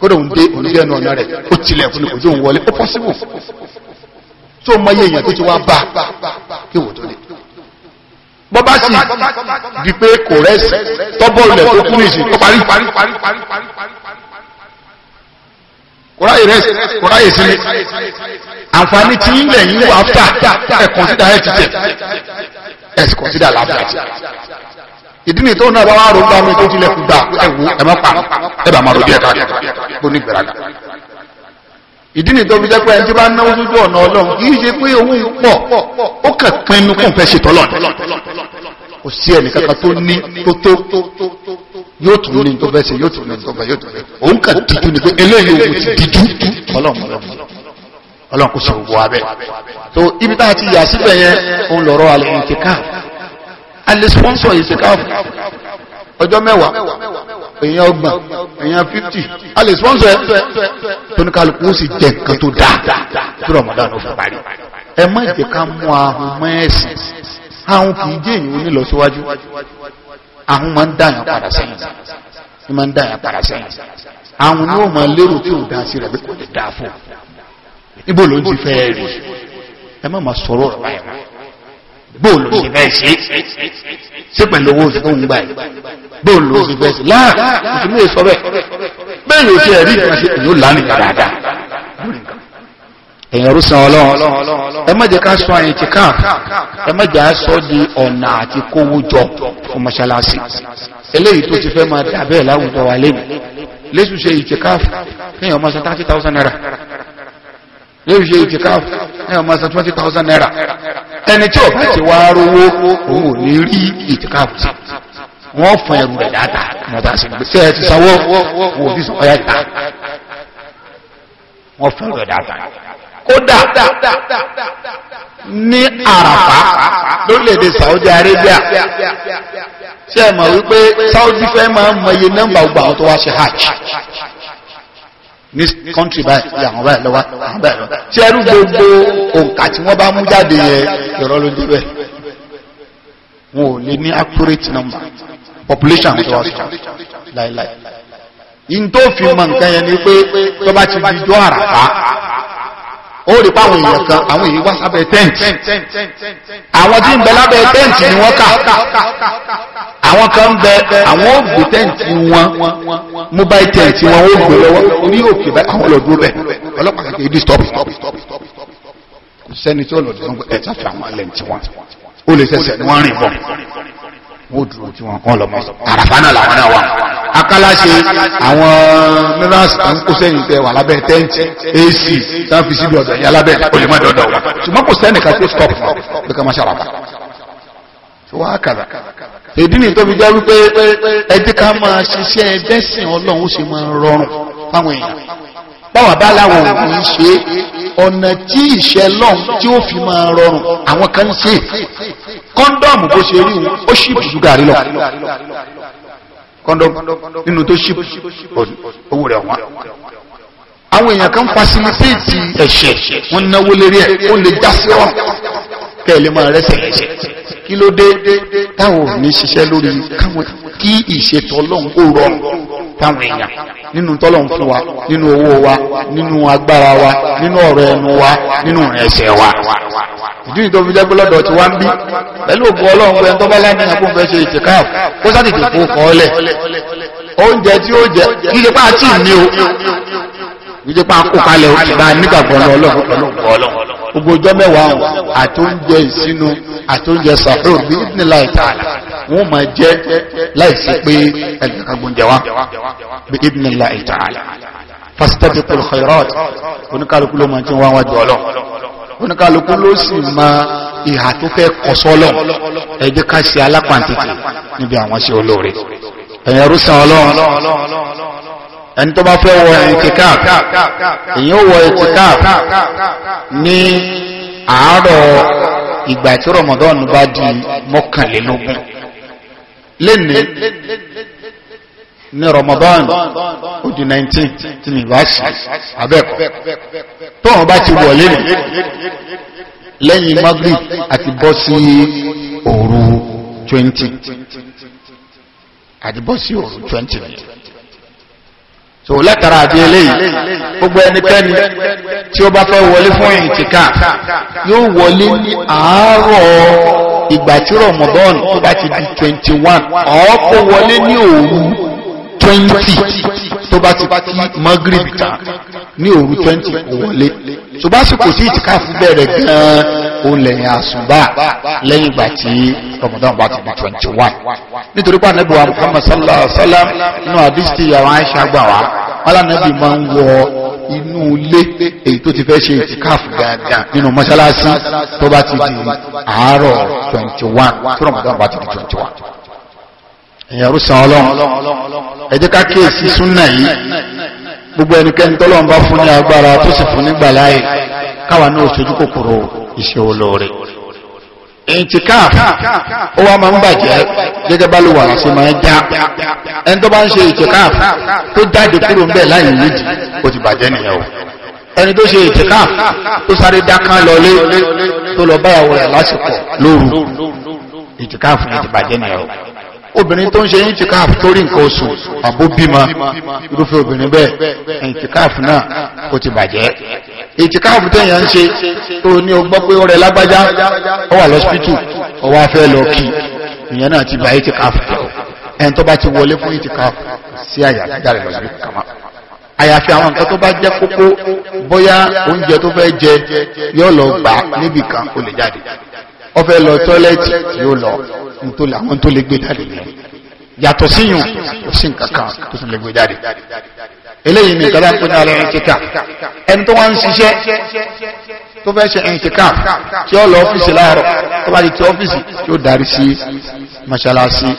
kódà òun dé òun ọ̀nà rẹ̀ ó tilẹ̀ fún ìkòjú òun wọlé ó possible tó mọ iye èèyàn tó ti wá bá kí wò tó lè bọ́ sì di pé kò rẹ́sì tọ́bọ̀lù lẹ̀ tó kú nìyí ó parí kòráyè rẹ̀ kòráyè sílé àǹfààní tí ń lẹ̀ yín wà áfà ẹ̀ kọ̀nsídà ẹ̀ títẹ̀ ẹ̀ sì kọ̀nsídà láàbà tí ìdí nìyí tó náà bá wà rògbà mi tó tilẹ̀ kú gbà ẹ̀ wò ẹ̀ má pa ẹ̀ bá má rògbà ẹ̀ káàkiri kó ní gbèrágà ìdí nìyí tó fi jẹ́ pé ẹni tí bá náwó sójú ọ̀nà ọlọ́run kì í ṣe pé owó pọ̀ ó kàn pinnu kó n fẹ́ ṣe tọ́lọ̀ kò sí ẹnì kankan tó ní tó tó yóò tún ní tó bẹ́ẹ̀ ṣe yóò tún ní tó bẹ́ẹ̀ yóò tún ní òun kà díjú ni pé eléyìí òun ti díjú ọlọ́run kò sọ gbogbo abẹ́ tó ibi tá a ti yà síbẹ̀ yẹn òun lọ́rọ́ alẹ́ ìtìká alẹ́ sponsor ìtìká ọjọ́ mẹ́wàá èèyàn ọgbọ̀n èèyàn fifty alẹ́ sponsor ẹ̀ tó ní kálukú sì jẹ nǹkan tó dáa tó rọmọdán ló fún parí ẹ má jẹ ká mú ahun mọ́ ẹ̀sìn ahun kì í jẹ́ èèyàn onílọsíwájú àwọn máa ń dáyàn padà sẹ́yìn ní máa ń dáyàn padà sẹ́yìn àwọn ni ó máa lérò tí ò dáa sí rẹ̀ pé kò lè dáa fún níbo ló ń ti fẹ́ rí ẹ má máa sọ̀rọ̀ ọ̀rọ̀ báyìí mọ́ bóòlù sí fẹ́ sí sí pẹ̀lú owó òṣìṣẹ́ òun gbà yìí bóòlù sí fẹ́ sí láà ìdílé sọ bẹ́ẹ̀ bẹ́ẹ̀ ló ṣe ẹ̀rí ìgbà ṣe lánìí dáadáa èyàn rúsan ọlọ́run ẹ má jẹ́ ká sọ àyìn ti káà ẹ má jẹ́ á sọ di ọ̀nà àti kówó jọ fún mọ́ṣáláṣí eléyìí tó ti fẹ́ máa dà láwùjọ wa lẹ́nu lẹ́sùn ṣe ìtìkáàfù thousand naira lẹ́sùn ṣe ìtìkáàfù kéèyàn máa san thousand naira ẹni tí ọba ti wá rówó òun ò ní rí ìtìkáàfù sí wọ́n fọ ẹrù rẹ̀ dáadáa mọ̀tà sí gbèsè ẹ ti sanwó wọ́n fọ ẹrù rẹ̀ dáadáa kódà ní àràfà lórílẹ̀‐èdè Saudi Arabia ṣe é mọ̀ wípé Saudi fẹ́ máa ń mọye nọ́mbà ọgbà àwọn tó wá ṣe hajj ní kọ́ńtì báyìí àwọn báyìí lọ́wọ́ àwọn báyìí lọ́wọ́ tí ẹrú gbogbo òǹkà tí wọ́n bá mú jáde yẹn ìrọ́ ló dé bẹ́ẹ̀ wọn ò lè ní accurate number population tó wá ṣe láìláì yìí tó fi mọ̀ nǹkan yẹn ni pé tó bá ti di jọ́ àràfà ó rí pa àwọn èèyàn kan àwọn èyí wá sábẹ́ tẹ́ǹtì àwọn tí ń bẹ lábẹ́ tẹ́ǹtì ni wọ́n kà àwọn kan ń bẹ àwọn ó gbé tẹ́ǹtì wọn mobile tẹ́ǹtì wọn ó gbé lọ́wọ́ orí òkè báyìí àwọn lọ dúró bẹ́ẹ̀ ọlọ́pàá kékeré dí stop stop stop stop stop kò sẹ́ni tí ó lọ dúró ẹ̀ sáfì àwọn ẹlẹ́ǹtì wọn ó lè ṣẹ̀ṣẹ̀ ní wọ́n rìn bọ̀ wọ́n dúró tí wọ́n kàn lọ́mọ àràfà náà làwọn náà wà akáláṣe àwọn mẹ́rànsì kan kó sẹ́yìn tẹ wà lábẹ́ tẹ́ǹtì ac táfi síbi ọ̀dọ̀ yẹn lábẹ́ olèmọ́ dọ̀dọ̀ wọn ṣùgbọ́n kò sẹ́nìkà tó stop wọn bí ká má ṣàràbà wọ́n á kàdà èdè ní tó fi jẹ́ wípé ẹ ká máa ṣiṣẹ́ ẹbẹ́sìn ọlọ́run ó ṣe máa rọrùn fáwọn èèyàn báwa bá láwọn ò ní ṣe ọ̀nà tí ìṣẹ́ lọ́n tí ó fi máa rọrùn àwọn kan ṣe kọ́ńdọ́ọ̀mù bó ṣe rí ó ṣì bùsù gàrí lọ kọ́ńdọ́ọ̀mù nínú tó ṣì owó rẹ̀ wọ́n àwọn èèyàn kan fasilitéètì ẹ̀ṣẹ̀ wọ́n náwó lérí ẹ̀ ó lè já sí ọ̀rọ̀ kẹ́lẹ́ máa rẹ́sẹ̀ ẹ̀ṣẹ̀ kí ló dé táwọn ò ní ṣiṣẹ́ lórí kí ìṣètò ọlọ́run ó rọrùn táwọn èèyàn nínú tọ́lọ̀ ń fún wa nínú owó wa nínú agbára wa nínú ọ̀rọ̀ ẹnu wa nínú ẹsẹ̀ wa ìdí ìdó fi jẹ́ gbọ́lọ́dọ̀ tí wá ń bí pẹ̀lú ògbó ọlọ́run pé ẹni bá láàrin ẹ̀kún fẹ́ ṣe ìtìkáàf kó sátìtì fún kọ́ọ́lẹ̀ oúnjẹ tí ó jẹ kí lè pa àti o jíjẹ́ pa kó kalẹ̀ bá nígbàgbọ́ ọlọ́run gbogbo ọjọ́ mẹ́wàá ọ̀hún àtóúnjẹ ìsínú àtóúnjẹ sàfẹ́ òbí ní láìta wọ́n máa jẹ́ láìsí pé ẹnìkan gbóúnjẹ wá bí ibn láìta fastabiqul khairat oníkálukú ló máa ti wá wájú ọlọ́ oníkálukú ló sì máa ìhà tó fẹ́ kọsọ́lọ̀ ẹ jẹ́ ká ṣe alápàǹtìtì níbi àwọn ṣe olóore ẹ̀yẹrú sàn ọlọ́run ẹni tó bá fẹ́ wọ ìtìkáf èyí ó wọ ìtìkáf ní àárọ̀ ìgbà tí Ramadan bá di mọ́kànlélógún lẹ́nu ní Ramadan ojú 19 tí mi bá sùn abẹ́kọ̀ tóun bá ti wọ̀ lẹ́nu lẹ́yìn Maghrib àti bọ́ sí òru 20 àti bọ́ sí òru 20 minutes so látara àti eléyìí gbogbo ẹnikẹ́ni tí ó bá fẹ́ wọlé fún ìtìká yóò wọlé ní àárọ̀ ìgbà tí rọ̀mọ̀dọ́n tó bá ti di 21 ọ̀ọ́kọ́ wọlé ní òru twenty tó bá ti kí magrib tán ní òru twenty kò wọlé ṣùgbọ́n àsìkò sí ìtìkáfù bẹ̀rẹ̀ gan-an òun lẹ́yìn àsùnbà lẹ́yìn ìgbà tí Ramadan bá ti di twenty one nítorí pé ànábì wa Muhammad sallallahu alayhi wa sallam inú àdìsí ti àwọn Aisha gbà wá wọn lànàbì máa ń wọ inú ilé èyí tó ti fẹ́ ṣe ìtìkáfù gàgà nínú mọ́ṣáláṣí tó bá ti di àárọ̀ twenty one tó Ramadan bá ti di twenty one ẹ̀yàrú san ọlọ́run ẹ jẹ́ ká kíyèsí súnà yìí gbogbo ẹnikẹ́ni tọ́lọ́run bá fún ní agbára tó sì fún nígbà láàyè káwa náà sojú kòkòrò iṣẹ́ olóore ìtìkáf ó wá máa ń bàjẹ́ gẹ́gẹ́ bá ló wà sí máa ń já ẹni tó bá ń ṣe ìtìkáf tó jáde kúrò ńbẹ̀ láì méjì ó ti bàjẹ́ nìyẹn o ẹni tó ṣe ìtìkáf tó sáré dákán lọlé tó lọ báyàwó rẹ̀ lásìkò lóru ìtìkáf ní ti bàjẹ́ nìyẹn o obìnrin tó ń ṣe itikaf torí nǹkan oṣù àbó bímọ irúfẹ́ obìnrin bẹ́ẹ̀ itikaf náà kò ti bàjẹ́ itikaf tẹ̀yàn ń ṣe tó ní ọgbọ́ pé ó rẹ lágbájá ó wà lọ́sípítù ó wá fẹ́ lọ kí ìyẹn náà ti bà itikaf tẹ̀ ẹni tó bá ti wọlé fún itikaf sí àyà jáde lọ́sípítù kàmá àyàfi àwọn nǹkan tó bá jẹ́ kókó bóyá oúnjẹ tó fẹ́ jẹ yóò lọ gbà níbìkan ó lè jáde ọfẹ́ lọ tọ́lẹ́tì yóò lọ nítorí àwọn tó lè gbé jáde nìyẹn yàtọ̀ síyùn kò sí nǹkan kan tó tún lè gbé jáde eléyìí ni ìkàlá pé ní alẹ́ ẹ̀ǹtìkà ẹni tó wá ń ṣiṣẹ́ tó fẹ́ ṣe ẹ̀ǹtìkà tí ó lọ ọ́fíìsì láàárọ̀ tó bá di ti ọ́fíìsì yóò darí sí mọ́ṣáláṣí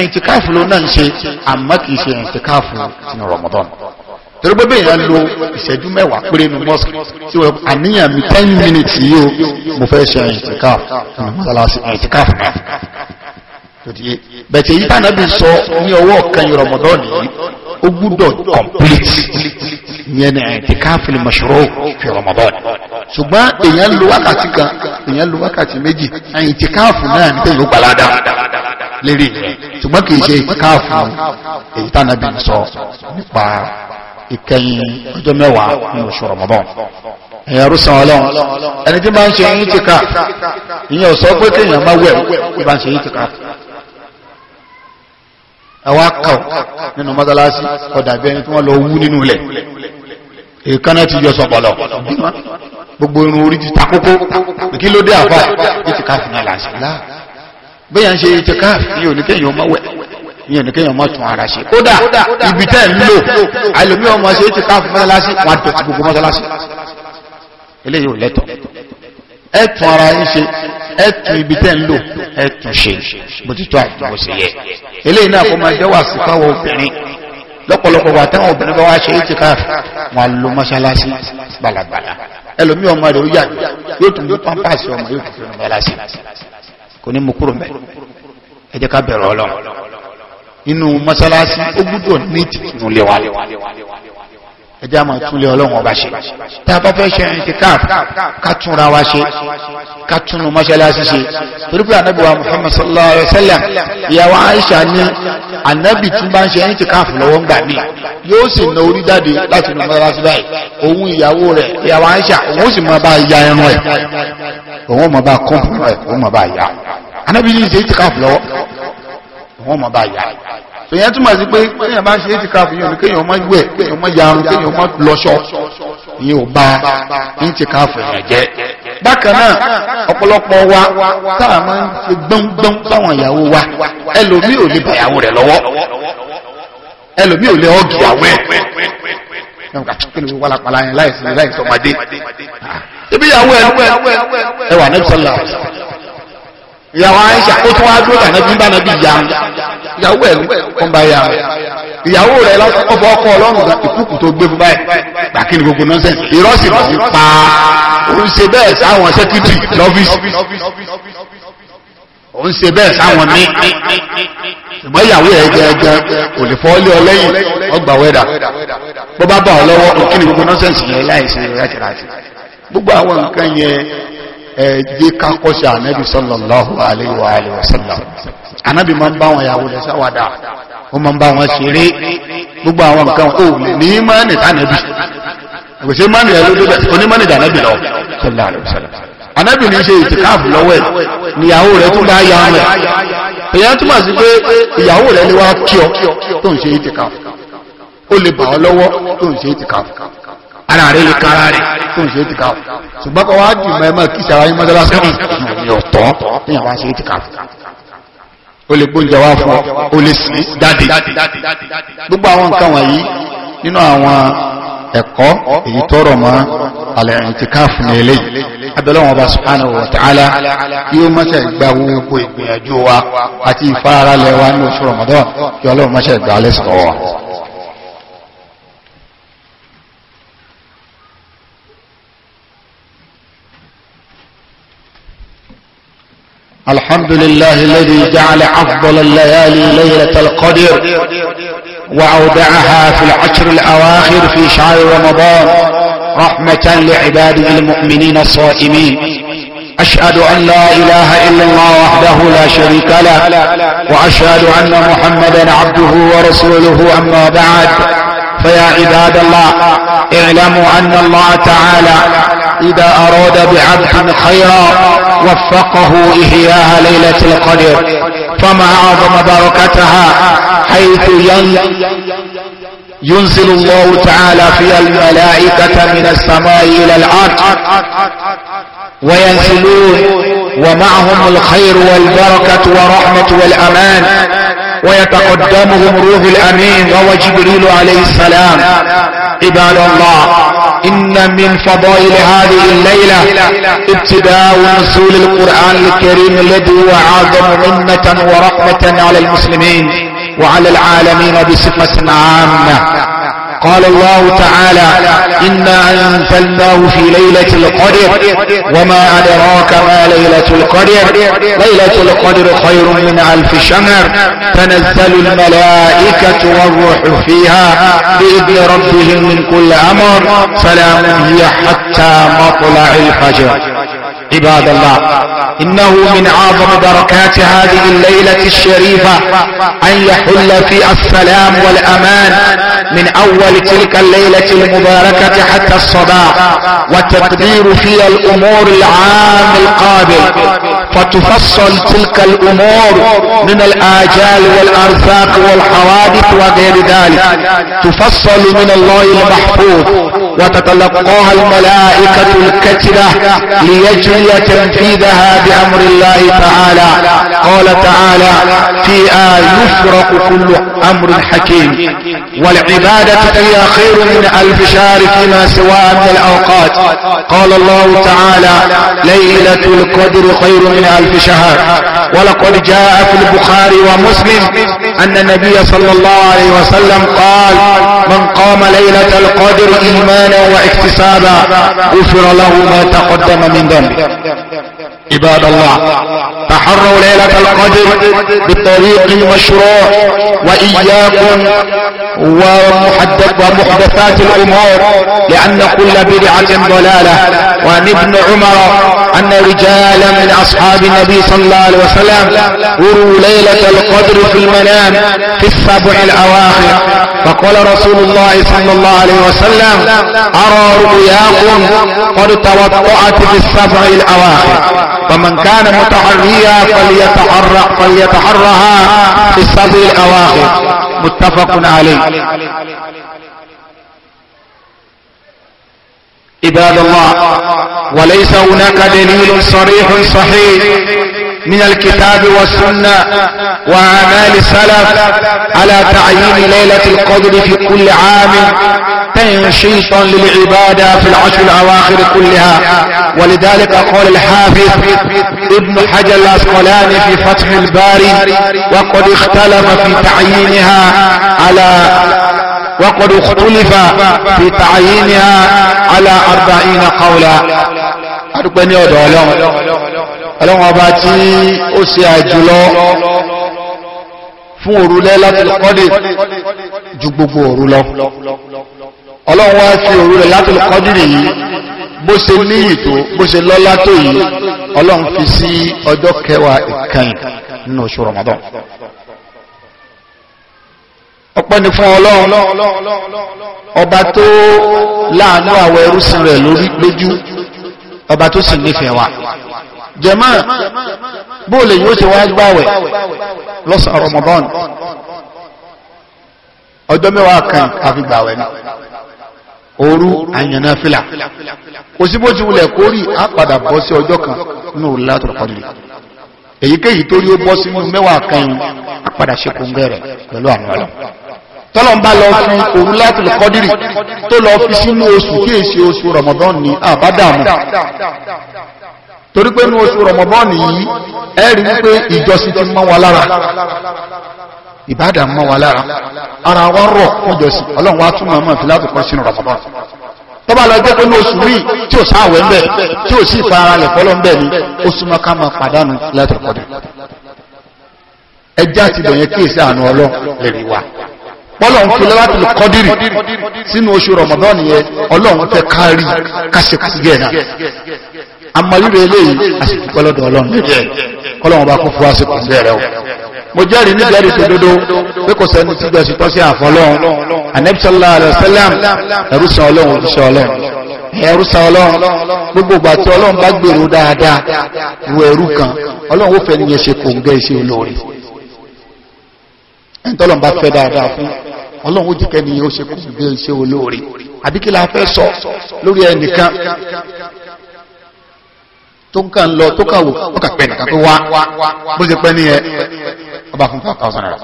ẹ̀ǹtìkà fúlọ́ náà ń ṣe àmọ́ kì í ṣe ẹ̀ǹtìkà fún ní Ramadan torí pé bẹ́ẹ̀ yẹn lo ìṣẹ́jú mẹ́wàá péré nu mọ́sùn tí wọ́n àníyàn mi ten minutes yìí o mo fẹ́ ṣe àìtìkáf mọ́sálásí àìtìkáf náà bẹ̀tẹ̀ yìí tànà bí sọ ní ọwọ́ kan Ramadan yìí ó gbúdọ̀ complete yẹn ni àìtìkáf lè mọ̀ṣọ́rọ̀ fi Ramadan ṣùgbọ́n èèyàn lo wákàtí kan èèyàn lo wákàtí méjì àìtìkáf náà ní tẹ̀yìn ó gbalada lérí yẹn ṣùgbọ́n kì ìkẹyìn ọjọ́ mẹ́wàá ní oṣù Ramadan ẹ̀yà rúsan ọlọ́run ẹni tí bá ń ṣe yín tìka ìyẹn ò sọ pé kéèyàn má wẹ̀ tí bá ń ṣe yín tìka ẹwà kàw nínú mọ́sálásí ọ̀dà bí ẹni tí wọ́n lọ wú nínú ilẹ̀ èékánná ti yọ sọ̀pọ̀lọ̀ gbogbo irun orí ti takókó kí ló dé àbá ìtìka fún aláṣẹ bẹ́ẹ̀ ń ṣe ìtìka ní oníkẹ́yìn ọmọ wẹ̀ ìyẹn ní kéèyàn mọ́ tún ara ṣe kódà ibi tẹ́ ń lò àìlòmí ọmọ ṣe é ti ká fún mọ́sálásí wọn àti tòtí gbogbo mọ́sálásí eléyìí ò lẹ́tọ̀ ẹ tún ara yín ṣe ẹ tún ibi tẹ́ ń lò ẹ tún ṣe bó ti tó àìtún bó ṣe yẹ eléyìí náà kó máa jẹ́ wà sí fáwọn obìnrin ẹlòmí ọmọ rẹ̀ yà yóò tún bí pampasì ọmọ yóò tún fi mọ́sálásí kò ní mú kúrò mẹ́ ẹ ká bẹ̀rẹ̀ ọlọ́run inú mọ́sálásí ó gbúdọ̀ ní tìtùnú lé wa ẹjẹ́ àmọ́ ìtúnlé ọlọ́run ọba ṣe tá a bá fẹ́ ṣe ẹni tí káàf ká túnra wa ṣe ká túnú mọ́ṣáláṣí ṣe torípé ànábì wa Muhammad sallallahu alaihi wasallam ìyàwó Aisha ní ànábì tí bá ń ṣe ẹni tí káàf lọ́wọ́ ń gbà mí yóò sì na orí jáde láti inú mọ́ṣáláṣí báyìí òun ìyàwó rẹ̀ ìyàwó Aisha òun ó sì máa bá ya ẹran ẹ̀ òun máa bá kọ́ńpù rẹ̀ òun máa bá ya ànábì ní ìṣe ìtìkáàf lọ́wọ́ wọ́n mọ̀ bá yá so yẹn túmọ̀ sí pé kéèyàn bá ń ṣe é ti ká fún yẹn kéèyàn mọ́ ìwẹ̀ kéèyàn mọ́ yarun kéèyàn mọ́ lọ́ṣọ́ ìyẹn ò bá ní ti ká fún yẹn jẹ́ bákan náà ọ̀pọ̀lọpọ̀ wa tá a máa ń ṣe gbọ́ngbọ́n báwọn ìyàwó wa ẹlòmíì ò lè bàyàwó rẹ̀ lọ́wọ́ ẹlòmíì ò lè ọ̀gì àwẹ̀ kí ló wà lápàlà yẹn láìsí láìsí ibi ìyàwó ẹ ẹwà nẹ́bísọ́lá ìyàwó àìsà ó tún wá dúró tànàbí bá nàbí ìyá ìyàwó ẹ̀ ń bá ya rẹ̀ ìyàwó rẹ̀ ọba ọkọ ọlọ́run ga ìkúkù tó gbé fún báyìí gbàkí ni gbogbo nọ́sẹ̀nsì ìrọ́sì lọ́sì pa ó ń ṣe bẹ́ẹ̀ sáwọn sẹ́kítì lọ́fíìsì ó ń ṣe bẹ́ẹ̀ sáwọn ní ṣùgbọ́n ìyàwó ẹ̀ gẹ́gẹ́ kò lè fọ́ lé ọ lẹ́yìn ọgbà wẹ́dà bó bá bá ọ lọ́wọ́ kí ni gbogbo nọ́sẹ̀nsì yẹn láì ṣe rẹ̀ gbogbo àwọn nǹkan yẹn ẹ̀ẹ́dẹ́ kakọ́ṣẹ́ ànábì sallallahu alaihi wa alihi wa sallam ànábì máa ń bá wọn yàwó lẹ́sẹ̀ wàdà ó máa ń bá wọn ṣeré gbogbo àwọn nǹkan ò lè ní mọ́ẹ̀nì tánàbì òṣè mọ́ẹ̀nì ẹ̀ ló débẹ̀ onímọ́ẹ̀nì tánàbì lọ sallallahu alaihi wa sallam ànábì ní ṣe ìtìkáàfù lọ́wọ́ ẹ̀ níyàwó rẹ̀ tún bá yà wọn ara rẹ̀ lè kára rẹ̀ tó ń ṣe ti káwọ̀ ṣùgbọ́n kọ́ wájú mọ́ ẹmọ́ kí sara yín mọ́tọ́lá sẹ́wọ̀n ní ọ̀tọ́ tí yàn wá ṣe ti káwọ̀ o lè gbóúnjẹ wá fún ọ o lè sìn jáde gbogbo àwọn nǹkan wọ̀nyí nínú àwọn ẹ̀kọ́ èyí tọrọ mọ́ alẹ́ ìtìkáàfù ní ilé abẹ́lẹ́wọ̀n ọba subhanahu wa ta'ala yóò mọ́ṣẹ́ ìgbà gbogbo ìgbìyànjú wa àti ìfaralẹ̀ wa ní oṣù Ramadan kí ọlọ́run mọ́ṣẹ́ ìgbà alẹ́ wa الحمد لله الذي جعل أفضل الليالي ليلة القدر وأودعها في العشر الأواخر في شهر رمضان رحمة لعباده المؤمنين الصائمين أشهد أن لا إله إلا الله وحده لا شريك له وأشهد أن محمدا عبده ورسوله أما بعد فيا عباد الله اعلموا أن الله تعالى إذا أراد بعبد خيرا وفقه إهياها ليلة القدر فما أعظم بركتها حيث ين ينزل الله تعالى فيها الملائكة من السماء إلى الأرض وينزلون ومعهم الخير والبركة والرحمة والأمان ويتقدمهم روح الأمين وهو جبريل عليه السلام عباد الله إن من فضائل هذه الليلة ابتداء نزول القرآن الكريم الذي هو أعظم منة ورحمة على المسلمين وعلى العالمين بصفة عامة قال الله تعالى إنا أنزلناه في ليلة القدر وما أدراك ما ليلة القدر ليلة القدر خير من ألف شهر تنزل الملائكة والروح فيها بإذن ربهم من كل أمر سلام هي حتى مطلع الفجر عباد الله إنه من أعظم بركات هذه الليلة الشريفة أن يحل في السلام والأمان من أول تلك الليلة المباركة حتى الصباح وتقدير في الأمور العام القابل فتفصل تلك الأمور من الآجال والأرزاق والحوادث وغير ذلك تفصل من الله المحفوظ وتتلقاها الملائكة الكتبة ليجري ولي تنفيذها بأمر الله تعالى قال تعالى فيها يفرق كل أمر حكيم والعبادة فيها خير من ألف شهر فيما سواء من الأوقات قال الله تعالى ليلة القدر خير من ألف شهر ولقد جاء في البخاري ومسلم أن النبي صلى الله عليه وسلم قال من قام ليلة القدر إيمانا واكتسابا غفر له ما تقدم من ذنبه عباد الله تحروا ليلة القدر بالطريق المشروع وإياكم ومحدثات الأمور لأن كل بدعة ضلالة وعن ابن عمر أن رجالا من أصحاب النبي صلى الله عليه وسلم قروا ليلة القدر في المنام في السبع الأواخر فقال رسول الله صلى الله عليه وسلم أرى رؤياكم قد توقعت في السبع الأواخر ومن كان متحريا فليتحرى فليتحرها في الصدر الأواخر متفق عليه عباد الله وليس هناك دليل صريح صحيح من الكتاب والسنة وأعمال السلف على تعيين ليلة القدر في كل عام تنشيطا للعبادة في العشر الأواخر كلها ولذلك قال الحافظ ابن حجر الأسقلاني في فتح الباري وقد اختلف في تعيينها على وقد اختلف في تعيينها على أربعين قولا أربعين يوضع لهم لهم أباتي أسيا جلو ọlọ́run wá fi òru rẹ̀ láti kọ́dìrì yìí bó ṣe níyì tó bó ṣe lọ́lá tó yìí ọlọ́run fi sí ọjọ́ kẹwàá ìkẹyìn nínú oṣù Ramadan ọpẹ́ ni fún ọlọ́run ọba tó láàánú àwọn ẹrúsìn rẹ̀ lórí lójú ọba tó sì nífẹ̀ẹ́ wa jàmáà bóòlè yóò ṣe wá gbàwẹ̀ lọ́sàn-án Ramadan ọjọ́ mẹ́wàá kan àfi gbàwẹ̀ náà Oru àyànná fila. kò sí bó ti wulẹ̀ kórì á padà bọ́ sí ọjọ́ kan nínú Lailatul Qadr èyíkéyìí tó rí ó bọ́ sínú mẹ́wàá kan á padà ṣe kóńgẹ́ rẹ̀ pẹ̀lú àwọn ọlọ́ tọ́lọ̀ ń bá lọ fi òru Lailatul Qadr tó lọ fi sínú oṣù kí èsì oṣù Ramadan ní àbádàmù torí pé ní oṣù Ramadan yìí ẹ̀rí wípé ìjọsìn ti mọ́ wa lára ìbádà mọ́ wa lára ara wa rọ̀ mọ́jọ sí ọlọ́run wa tún máa mọ́ fi láti pọ̀ sínú Ramadan tó bá lọ jẹ́ pé ní oṣù rí tí ò sáwẹ̀ ń bẹ̀ tí ò sí ìfara rẹ̀ fọ́lọ́ ń bẹ̀ ni oṣù mọ́ ká máa pàdánù láti pọ̀ dé ẹjá ti bẹ̀yẹn kíyèsí àánú ọlọ́run lè rí wa bọ́lọ̀un fi láti lè kọ́dìrì sínú oṣù Ramadan yẹn ọlọ́run fẹ́ kárí kásìkásígẹ̀ náà àmọ́ mo jẹ́rìí ní jẹ́rìí tó dodo pé kò sẹ́ni tí gbẹ̀sì tọ́ sí àfọlọ́run anẹ́bísọ́lá alẹ́sẹ́lẹ́m ẹ̀rúsàn ọlọ́run òjíṣẹ́ ọlọ́run ẹ̀rúsàn ọlọ́run gbogbo ìgbà tí ọlọ́run bá gbèrò dáadáa wo ẹ̀rú kan ọlọ́run ó fẹ́ ní ẹṣẹ kò ń gẹ́ iṣẹ́ olóore ẹni tọ́lọ́run bá fẹ́ dáadáa fún ọlọ́run ó jìkẹ́ ní ó ṣe kò ń gẹ́ iṣẹ́ olóore àbí la fẹ́ sọ lórí ẹnìkan tó ń kàn lọ tó kàwò ó kà pẹ́ nìkan pé wá bó ṣe pẹ́ nìyẹn ọba fún five thousand naira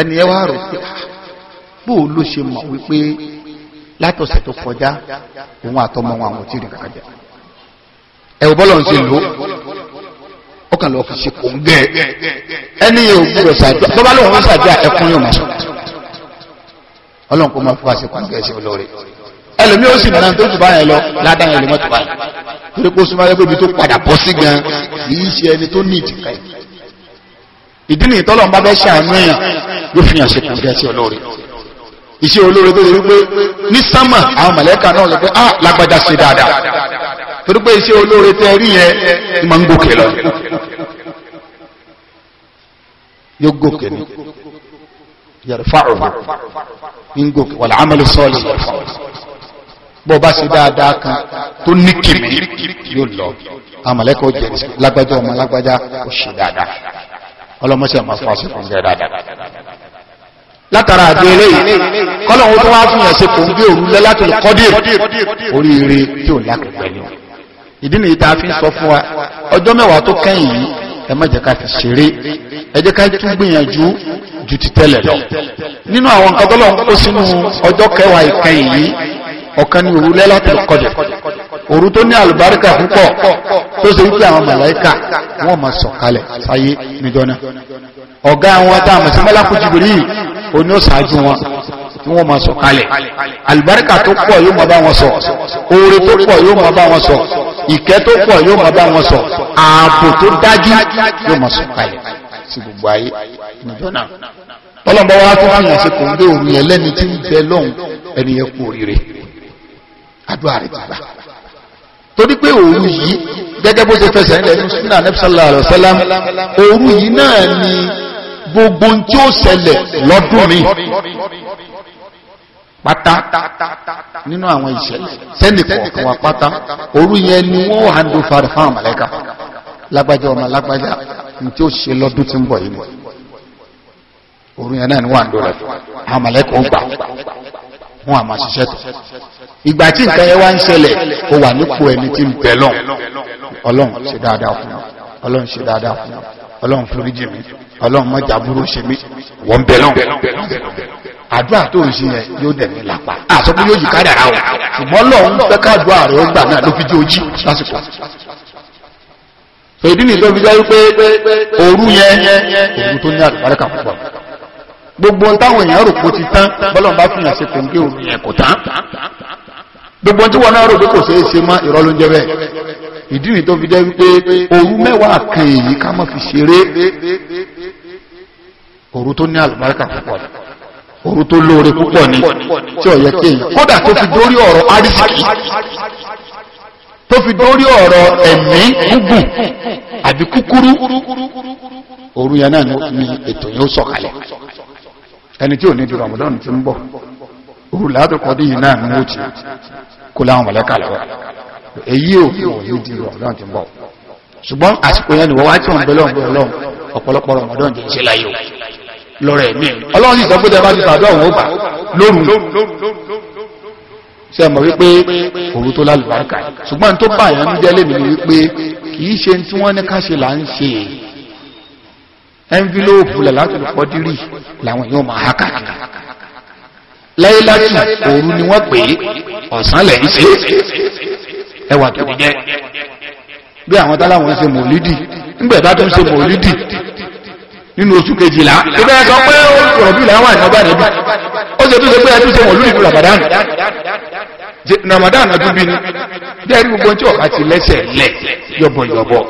ẹni ẹ wá rò pé ah, bó o ló ṣe mọ̀ wípé látọ̀sẹ̀ tó kọjá òun àtọmọ wọn àwọn tí ì kàkà jẹ ẹ bọ́lọ̀ ń ṣe lò ó kàn lọ́ọ́ fi ṣe kò ń gẹ́ ẹni yóò gbúdọ̀ ṣàdúrà bọ́bá lóun ń ṣàdúrà ẹkún yóò máa ṣe ọlọ́run kò máa fọwọ́ ṣe gẹ́ ṣe olóore ẹlòmí ó sì nà tó jù báyẹn lọ ládàá ẹlòmí tó báyẹn torí pé ó súnmọ́ ẹgbẹ́ ibi tó padà bọ́ sí gan kì í ṣe ẹni tó ní ìtìká yìí ìdí nìyí tọ́lọ̀ ń bá bẹ́ ṣàánú èèyàn yóò fi hàn ṣe kùn gẹ́sì olóore iṣẹ́ olóore tó ṣe wípé ní sámà àwọn mọ̀lẹ́kà náà lọ pé á ah, lágbájá ṣe dáadáa torí pé iṣẹ́ olóore tẹ́ rí yẹn ni máa ń gòkè lọ yóò gòkè ní yẹrẹ fáwọn ń gòkè wàlá amẹ́lẹ́ yẹrẹ fáwọn bọ́ bá ṣe dáadáa kan tó ní kìmí yóò lọ àmàlẹ́kọ̀ọ́ jẹ̀rì lágbájá ọmọ lágbájá ó ṣe dáadáa ọlọ́mọṣẹ́ ọmọ fọ́ọ̀ṣẹ́ fún bẹ́ẹ̀ dáadáa látara àdéhélé yìí kọ́lọ̀wọ́ tó wá fún ẹ̀ṣẹ́ kò ń gbé òru lẹ́látò kọ́dí oríire tí ò lápẹ̀ẹ́ ni ìdí nìyí tá a fi ń sọ fún wa ọjọ́ mẹ́wàá tó kẹ́yìn yìí ẹ má jẹ́ ká fi ṣeré ẹ jẹ́ ká tún gbìyànjú ju ti tẹ́lẹ̀ lọ nínú àwọn nǹkan tọ́lọ́ kó sínú ọjọ́ kẹwàá ìkẹyìn yìí ọ̀kan ní òru lẹ́lọ́tẹ̀ kọjẹ̀ òru tó ní àlùbáríkà púpọ̀ tó ṣe wípé àwọn màláíkà wọ́n máa sọ̀kalẹ̀ sáyé níjọ́ náà ọ̀gá wọn tá àmọ̀ sí mọ́lákù jìbìrì òní ó ṣáájú wọn tí wọ́n máa sọ̀kalẹ̀ àlùbáríkà tó pọ̀ yóò máa bá wọn sọ oore tó pọ̀ yóò máa bá wọn sọ ìkẹ́ tó pọ̀ yóò máa bá wọn sọ ààbò tó dájú yóò máa sọ̀kalẹ̀ sí gbogbo ayé níjọ́ náà tọ́lọ́mọ wa tó fi hàn sí kò ń gbé tí ń bẹ lọ́hùn ẹni yẹn kú oríire àdúrà rẹ̀ gbà torí pé òru yìí gẹ́gẹ́ bó ṣe fẹsẹ̀ ńlẹ̀ ní sunna anabi sallallahu alayhi wa sallam òru yìí náà ni gbogbo ohun tí ó ṣẹlẹ̀ lọ́dún mi pátá nínú àwọn ìṣẹ̀lẹ̀ sẹ́ni kọ̀ọ̀kan wa pátá òru yẹn ni wọ́n hàn dùn fàdé fáwọn mọ̀lẹ́kà lágbájá ọmọ lágbájá ní tí ó ṣe lọ́dún tí ń bọ̀ yìí òru yẹn náà ni wọ́n hàn dùn rẹ̀ àwọn ó gbà wọ́n àmà tó ìgbà tí nǹkan yẹn wá ń ṣẹlẹ̀ ó wà nípò ẹni tí ń bẹ̀ lọ́n ọlọ́run ṣe dáadáa fún mi ọlọ́run ṣe dáadáa fún mi ọlọ́run foríjì mi ọlọ́run mọ́jà burú ṣe mí wọ́n ń bẹ̀ lọ́n àdúrà tó ń ṣe yẹn yóò dẹ̀ mí lápá àsọpé yóò yí kádàrá o ṣùgbọ́n lọ́run fẹ́ kádùá rẹ̀ ó gbà náà ló fi jẹ́ ojí lásìkò èdè nìlọ fi jẹ́ wípé òru yẹn òru tó ní àlùbáríkà púpọ̀ gbogbo táwọn èèyàn rò kó ti tán bọ́lọ̀ bá fìyàn ṣe kò òru yẹn kò tán gbogbo tí wọn náà rò pé kò ṣeé ṣe mọ́ irọ́ ló ń jẹ́ bẹ́ẹ̀ ìdí nìyí tó fi jẹ́ wípé òru mẹ́wàá kan èyí ká má fi ṣeré òru tó ní àlùbáríkà púpọ̀ ni òru tó lóore púpọ̀ ni tí ó yẹ kí èyí kódà tó fi dórí ọ̀rọ̀ arísìkì tó fi dórí ọ̀rọ̀ ẹ̀mí gúgùn àbí kúkúrú òru yẹn náà ni ètò yẹn ó sọ̀kalẹ̀ ẹni tí ò ní di Ramadan ti ń bọ̀ rúlátò kọ́dí yìí náà ní ó ti kó láwọn mọ̀lẹ́kà lọ́wọ́ èyí ò fún òní di rọ̀ lọ́n ti bọ̀ ṣùgbọ́n àsìkò yẹn ni wọ́n wá tí wọ́n bẹ lọ́n bẹ lọ́n ọ̀pọ̀lọpọ̀ rọmọdọ́n jẹ́ iṣẹ́ láyé o lọ́rọ̀ ẹ̀mí ọlọ́run sì sọ pé tẹ́lá ti sàdọ́ òun ó bà lóru ṣe mọ̀ wípé òru tó lálùbáríkà ṣùgbọ́n tó bà yẹn ń jẹ́ lèmi ni wípé kì í ṣe tí wọ́n ní ká ṣe là ń ṣe envelope lẹ̀ láti lùpọ̀ dírì làwọn yóò máa hákàkiri láíláàtù òru ni wọ́n pè ọ̀sán lẹ̀ ìṣe ẹwà tó ní jẹ́ bí àwọn ń tó ń nínú oṣù kejìlá tó bẹ́ẹ̀ sọ pé ó ṣe tó ṣe pé ẹ ṣe fún Ramadan Ramadan ọdún bí ni bí ẹni gbogbo tí ọ̀ka ti lẹ́sẹ̀ lẹ̀ yọ̀bọ̀ yọ̀bọ̀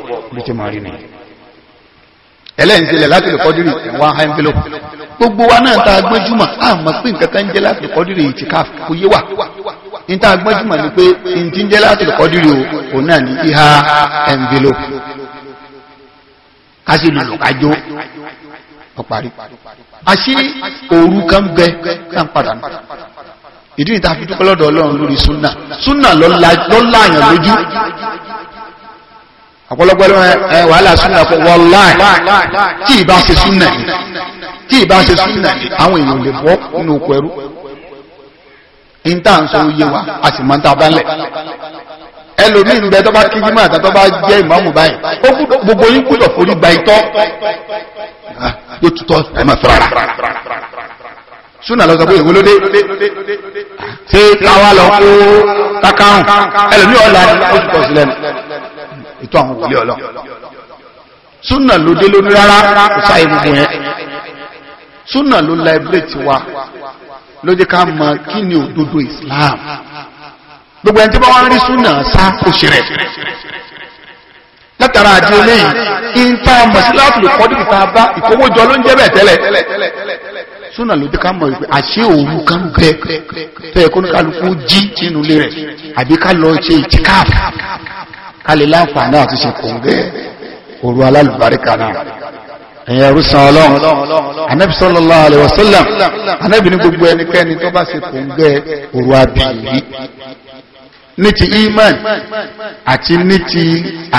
gbogbo wa náà ta gbọ́njúmọ̀ àmọ́ pé nǹkan kan jẹ́ láti kọ́dìrì ìtìkáf kò yé wa ní ta gbọ́njúmọ̀ ni pé n ti jẹ́ láti kọ́dìrì o náà ní ìhà envelope ká sì lùlù kájó ọ̀parí àṣé òru kan bẹ kan padà nù ìdí ni ta fi dúpẹ́ lọ́dọ̀ ọlọ́run lórí súnà súnà lọ́la àyàn lójú ọ̀pọ̀lọpọ̀ ẹ wàhálà súnà fún wọláì tí ìbá ṣe súnà ní tí ìbá ṣe súnà ní àwọn èèyàn lè bọ́ nínú oko ẹrú níta ń sọ oyé wa a sì máa ń ta balẹ̀ ẹlòmíì ń bẹ tó bá kí jímọ̀ àti tó bá jẹ́ ìmáàmù báyìí ó kú gbogbo yín kúlọ̀ forí gba itọ́ ah, yóò tutọ́ ẹ máa fẹ́ra súnà lọ sọ pé ìwọlódé ah, ṣé káwa lọ kó kákáhùn ẹlòmíì ọ̀la ni ó tutọ́ sílẹ̀ nù ètò àwọn wòlíì ọlọ́ súnà ló dé lónìí rárá kò sáyé gbogbo yẹn súnà ló la ẹgbẹ́ tiwa ló jẹ́ ká mọ kí ni òdodo Islam gbogbo ẹni tí bá wọn rí súnà sá kò ṣe rẹ̀ látara àti eléyìí ìta mọ̀síláàtì kọ́dí ìta bá ìkówójọ ló ń jẹ́ bẹ̀ tẹ́lẹ̀ súnà ló jẹ́ ká mọ̀ wípé àṣé òru kan bẹ tẹ́ kálukú jí nínú ilé rẹ̀ àbí ká lọ ṣe ìtìkáàfù kálí láǹfààní àti ṣe kòǹgẹ́ òru alálùbáríkà náà ẹ̀yẹ rúsan ọlọ́run anábì sallallahu alaihi wasallam anábì ní gbogbo ẹnikẹ́ni tó bá ṣe kòǹgẹ́ òru abìyí ní ti iman àti ní ti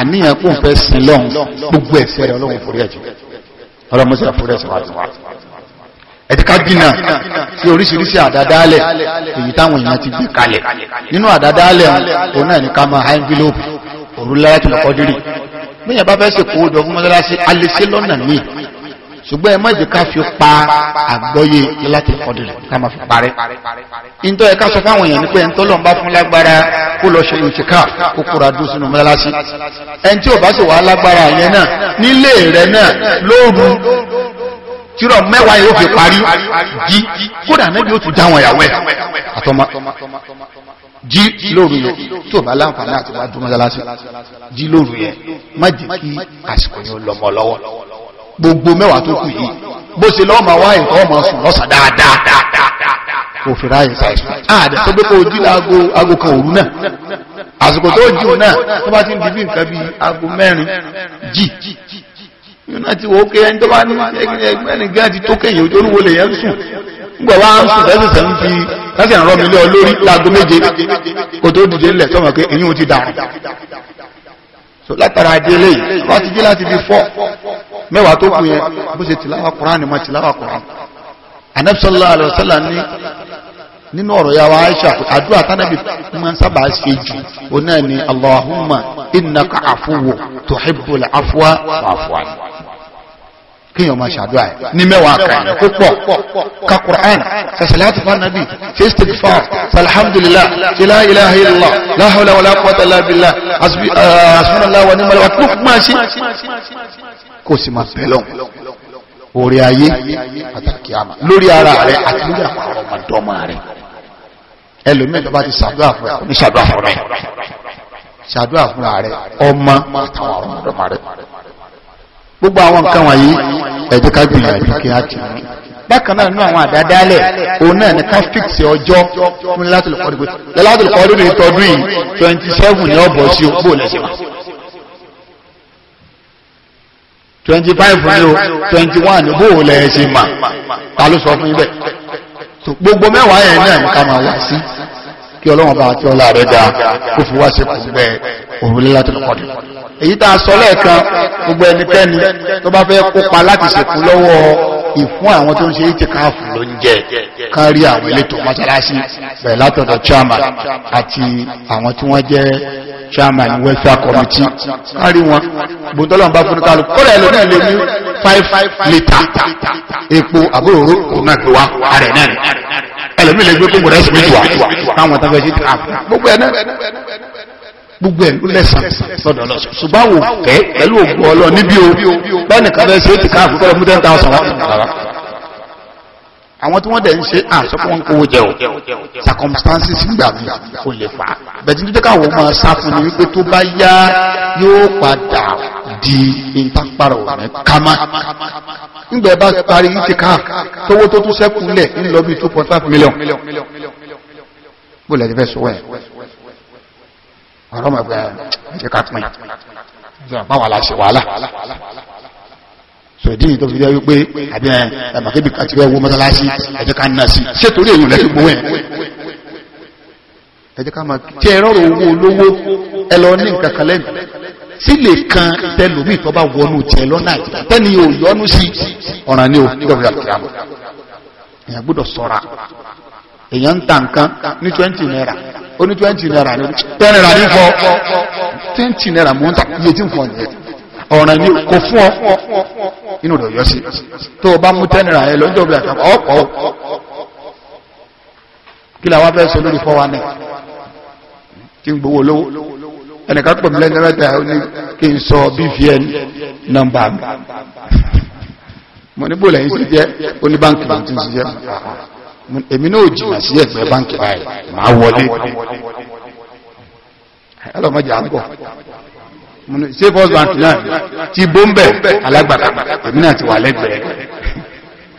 àníyàn kò fẹ́ sin lọ́hùn gbogbo ẹ̀ṣẹ̀ rẹ̀ ọlọ́run forí ẹ̀jẹ̀ ọlọ́run mọ́sí àforí ẹ̀ṣẹ̀ wà tó wà ẹ̀tíká dínà sí oríṣiríṣi àdádálẹ̀ èyí táwọn èèyàn ti gbé kalẹ̀ nínú àdádálẹ̀ òun náà ní ká máa ha envelope òru Lailatul Qadri bẹ́yàn bá fẹ́ sì kó dọ̀ fún mọ́sálásí alẹ́sẹ́ lọ́nà míì ṣùgbọ́n ẹ má ká fi pa àgbọ́yé Lailatul Qadri ká máa fi parẹ́ ìntọ́ ẹ̀ká sọ fáwọn èèyàn ní pé ẹ̀ńtọ́ lọ́n bá fún lágbára kó lọ ṣe ìtìká kó kóra dùn sínú mọ́sálásí ẹni tí ò bá sì wà lágbára yẹn náà nílé rẹ̀ náà lóru tírọ̀ mẹ́wàá yóò fi parí jí kódà náà bí tún dáwọn ìyàwó ẹ̀ àtọmọ jí lóru yẹ tó bá láǹfààní àti wá dúró mọ́sálásí jí lóru yẹ má jẹ́ kí àsìkò yẹn lọ́mọ lọ́wọ́ gbogbo mẹ́wàá tó kù yìí bó ṣe lọ́ọ́ máa wá nǹkan ọmọ sùn lọ́sàn dáadáa kò fi ráyè sáyé àdé tó gbé kó ojú láago aago kan òru náà àsìkò tó jù náà tó bá ti ń dìbí nǹkan bíi aago mẹ́rin jì yóò náà ti wò ó ké ẹni tó bá ní ẹgbẹ́ ẹgbẹ́ nìgbà ti tó kẹ́yìn ojú olúwo lè yẹn sùn ń gbọ̀ wá ń sùn bẹ́ẹ̀ láti àrọ́ mi lé ọ lórí láago méje kò tó dìde ńlẹ̀ sọ́mọ̀ pé èyí ò ti dàrú so látara adélé yìí wọ́n ti jí láti fi fọ́ mẹ́wàá tó kù yẹn bó ṣe tìláwà Kùránì mọ́ tìláwà Kùránì Ànábì sallallahu alaihi wasallam ní nínú ọ̀rọ̀ yàwó aisha àdúrà tánàbí ma ń sábà ṣe jù o náà ni allahumma innaka afuwo tuhibbul afwa wa afwa ni kíyàn máa ṣàdúrà ẹ̀ ní mẹ́wàá kan kó pọ̀ ka Qur'an ṣàṣàlátì fún anabi ṣe istighfar alhamdulillah ṣe la ilaha illallah la hawla wala quwwata illa billah eh, hasbunallahu wa ni'mal wakil kó máa ṣe kó sì máa bẹ̀lọ̀ orí ayé àtàkì àmà lórí ara rẹ̀ àti lórí àpàrọ̀ ọmọdọ́mọ rẹ̀ ẹlòmíì tó bá ti ṣàdúrà fún ẹ̀ kò ní ṣàdúrà fún ẹ̀ ṣàdúrà fún ẹ̀ ọmọ àtàwọn ọmọdọ́mọ rẹ̀ gbogbo àwọn nǹkan wọ̀nyí ẹ jẹ́ ká gbìyànjú kí á ti mú bákan náà nínú àwọn àdádálẹ̀ òun náà ní catholic ṣe ọjọ́ fún látòlù kọ́dúgbò látòlù kọ́dúgbò ìtọ́dún yìí twenty seven ní ọ̀bọ̀ sí ogbó lẹ́sẹ̀ wá twenty five ní o twenty one bó o lẹ̀ ṣe mà ta ló sọ fún yín bẹ́ẹ̀ gbogbo mẹ́wàá yẹn ní ká máa wá sí kí ọlọ́wọ́n bá àti ọlá rẹ̀ ga kó fi wá sí kùnbẹ́ òrùlé láti lọ́kọ̀dé èyí tá a sọ lẹ́ẹ̀kan gbogbo ẹnikẹ́ni tó bá fẹ́ kópa láti ṣèkú lọ́wọ́ ìfún àwọn tó ń ṣe ìtìkáàfù ló ń jẹ kán àwọn elétò mọ́sálásí bẹ̀rẹ̀ látọ̀dọ̀ chairman àti àwọn tí wọ́n jẹ́ chairman welfare committee kán rí wọn gbòǹtọ́lọ́n bá fún kálù kọ́lẹ̀ ẹ̀lò náà lè ní five litre epo àbúrò òru kò náà gbé wá ààrẹ náà ẹlẹ́mìí lè gbé gbogbo rẹ̀ síbi jù wá táwọn tó fẹ́ ṣe tà gbogbo ẹ̀ náà gbogbo ẹ̀ ló lẹ́sàn lọ́dọ̀ lọ ṣùgbọ́n wò fẹ́ pẹ̀lú ògbó ọlọ́ níbi o bẹ́ẹ̀ni kan fẹ́ ṣe é ti ká àfikọ́ fún ten thousand wa àwọn tí wọ́n dẹ̀ ń ṣe àṣọ kí wọ́n kówó jẹ o circumstances nígbà mi kò lè fà á bẹ̀tí nítorí máa sá fún ni wípé tó bá yá yóò padà di ìtàpàrọ̀ rẹ̀ kama nígbà ẹ bá parí ìtìká tówó tó tún sẹ́kùnlẹ̀ ńlọ bí two point five million bó lẹ́yìn fẹ́ sọ́wọ́ ẹ̀ ọ̀rọ̀ mọ̀ pé ẹ̀jẹ̀ ká pín báwa la ṣe wàhálà sọ̀dí yìí tó fi jẹ́ wípé àbí ẹ̀ ẹ̀mọ̀kébì àti ẹ̀wọ̀ mọ́sálásí ẹ̀jẹ̀ ká nà sí ṣé torí èyí lẹ́yìn gbowó ẹ̀ ẹ̀jẹ̀ ká máa tí ẹ̀rọ owó olówó ẹ lọ ní nǹkan kan lẹ́nu sí lè kan tẹlómi tó bá wọnú tiẹ̀ lọ́nà àti tẹ́ni yóò yọnu sí ọ̀ràn ni o gbọ̀ngàn kìlámù èèyàn gbọ́dọ̀ sọ̀ra èèyàn ń ta nǹkan ní twenty naira ó ní twenty naira ní ten naira ní fọ twenty naira mò ta iye tí ń fọ nìyẹn ọ̀ràn ni kò fún ọ inú rẹ̀ yọ sí tó o bá mú ten naira yẹn lọ́jọ́ bí àtàkùn ọ̀pọ̀ kí làwọn fẹ́ sọ lórí fọ́ náà kí n gbowó lówó ẹnìkan pẹ̀lú lẹ́nu mẹ́ta ó ní kí n sọ bvn nọ́mbà mi mo ní bò lẹ́yìn sí jẹ́ ó ní báńkì lọ́n ti ń ṣiṣẹ́ èmi náà jìnnà sí ẹ̀gbẹ́ báńkì báyìí màá wọlé ẹlọ́mọdé àgbọ̀ ṣé first bank náà ti bó ń bẹ̀ alágbàtà èmi náà ti wà lẹ́gbẹ̀ẹ́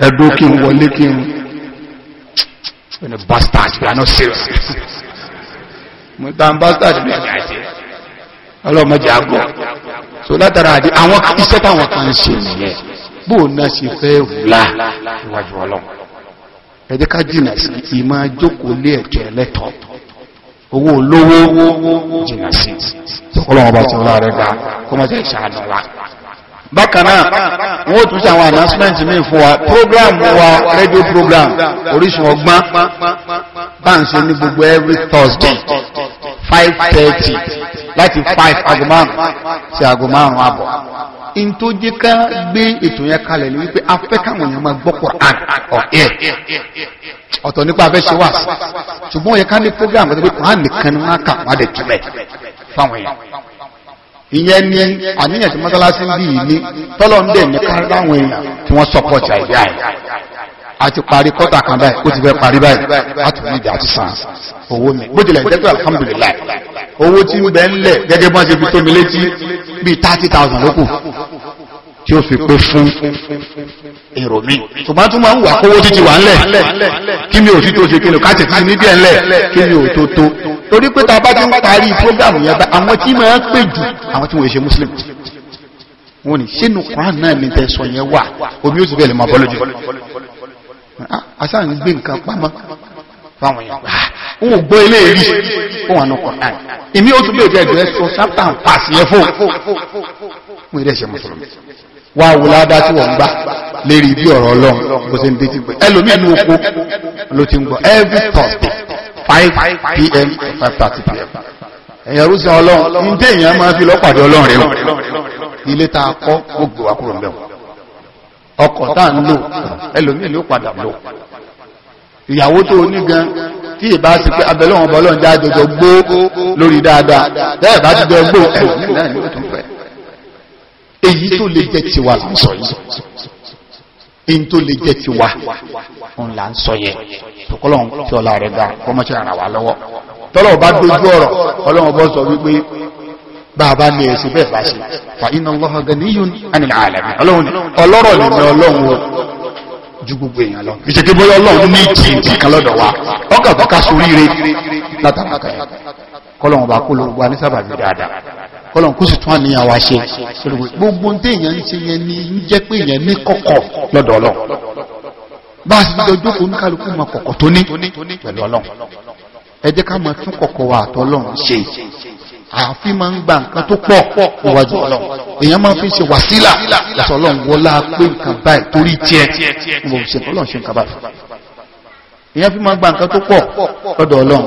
ẹ̀dọ́ kí n wọlé kí n bastard you are not serious mo ta bastard bí àjẹ́ ọlọ́mọdé àgọ́ so látara àdí àwọn iṣẹ́ táwọn kan ṣe nìyẹn bó náà ṣe fẹ́ wùlá níwájú ọlọ́run ẹ̀dẹ́ ká jìnà sí ìmọ̀ jókòó lé ẹ̀kẹ́ ẹlẹ́tọ̀ owó olówó jìnà sí ọlọ́run ọba tí ọlọ́run rẹ̀ gbà kọ́mọ́tẹ́ ìṣàánú wa bákanáà wọ́n tún sí àwọn announcement mi fún wa program wa radio program orísun ọgbọ́n bá ń ṣe ní gbogbo every thursday 5:30 láti 5 aago márùn sí aago márùn àbọ̀ in tó jẹ́ ká gbé ètò yẹn kalẹ̀ ní wípé afẹ́ káwọn èèyàn máa gbọ́ Quran ọ̀ ẹ̀ ọ̀tọ̀ nípa afẹ́ ṣe wà sí ṣùgbọ́n ó yẹ ká ní program pẹ̀lú pé Quran nìkan ni wọ́n kà wọ́n á dẹ̀ fáwọn èèyàn ìyẹn ni àníyàn tí mọ́tálásí ń bí yìí ní tọ́lọ́ ń dẹ̀ ní ká èèyàn tí wọ́n sọpọ̀ jà ìyá àti parí kọ́tà kan báyìí ó ti fẹ́ parí báyìí a tún ní ìdí àti san owó mi bó tilẹ̀ jẹ́ pé alihamudulilayi owó tí ń bẹ ń lẹ̀ gẹ́gẹ́ bọ́n ṣe fi tó mi létí bíi thirty thousand ló kù tí ó fi pé fún èrò mi ṣùgbọ́n tó máa ń wà kówó títí wà ńlẹ̀ kí mi ò sí tó ṣe kí ni ká tètè ní díẹ̀ ńlẹ̀ kí mi ò tó tó torí pé tá a bá ti ń parí prógámù yẹn bá àwọn tí máa ń pè jù àwọn tí wọ́n ṣe muslim wọ́n ní sínú Quran náà ní tẹ̀sán yẹn wà omi ó ti bẹ̀rẹ̀ máa bọ́ lójú Ah, asá ń gbé nǹkan pamọ́ fáwọn èèyàn gbà ń wò gbọ́ ilé rí fún àwọn ọkọ̀ náà èmi ó tún bèèrè jẹ́ ìgbẹ́ sọ sáptàn pàṣẹ yẹn fún mú ilé ṣe mùsùlùmí wá wò ládá tí wọ́n gbà lérí bí ọ̀rọ̀ ọlọ́run bó ṣe ń dé ti gbé ẹlòmíì ní oko ló ti ń gbọ́ every thursday five pm to five thirty pm èèyàn rúṣin ọlọ́run ń dé èèyàn máa fi lọ́pàdé ọlọ́run rẹ̀ ilé ta kọ́ gbogbo akúrò ń bẹ̀rù ọkọ̀ tá ń lò ẹlòmí ló padà lò ìyàwó tó ní gan tí ìbá sí pé abẹ́lọ́wọ̀n bọ́lọ́n já jọjọ gbó lórí dáadáa bẹ́ẹ̀ bá ti jọ gbó ẹ̀wọ̀n náà ni ó tún fẹ́ èyí tó lè jẹ́ tiwa là ń sọ yìí èyí tó lè jẹ́ tiwa ń là ń sọ yẹ tòkọ́lọ́n tí ọlá rẹ̀ ga kọ́mọ́ṣẹ́ ràn wá lọ́wọ́ tọ́lọ́ bá dojú ọ̀rọ̀ ọlọ́wọ́n bọ́ sọ wípé bàbá ní ẹ̀sìn bẹ́ẹ̀ bá ṣe fa inna Allaha ganiyun 'anil 'alamin ọlọ́run ọlọ́rọ̀ ni ọlọ́run ju gbogbo èèyàn lọ ìṣèké bóyá ọlọ́run ní ìtì kan lọ́dọ̀ wa ọkà bọ́ka soríire látàkà ẹ̀ kọ́lọ́run bá kó ló wà ní sábàbí dáadáa kọ́lọ́run kó sì tún àníyàn wa ṣe gbogbo ní téèyàn ń ṣe yẹn ní ń jẹ́ pé èèyàn ní kọ́kọ́ lọ́dọ̀ ọlọ́run bá a sì dọjọ́ kó ní kálukú kọ̀kọ̀ tó ní pẹ̀lú ọlọ́run ẹ jẹ́ ká mọ tún kọ̀kọ̀ wa àtọ́ ọlọ́run ṣe àfi máa ń gba nǹkan tó pọ̀ níwájú ọlọ́run èèyàn máa fi ṣe wàsílà lọ́sọ̀ ọlọ́run wọlá pé nǹkan báyìí torí tiẹ̀ mo ṣe nǹkan ọlọ́run ṣe nǹkan báyìí èèyàn fi máa gba nǹkan tó pọ̀ lọ́dọ̀ ọlọ́run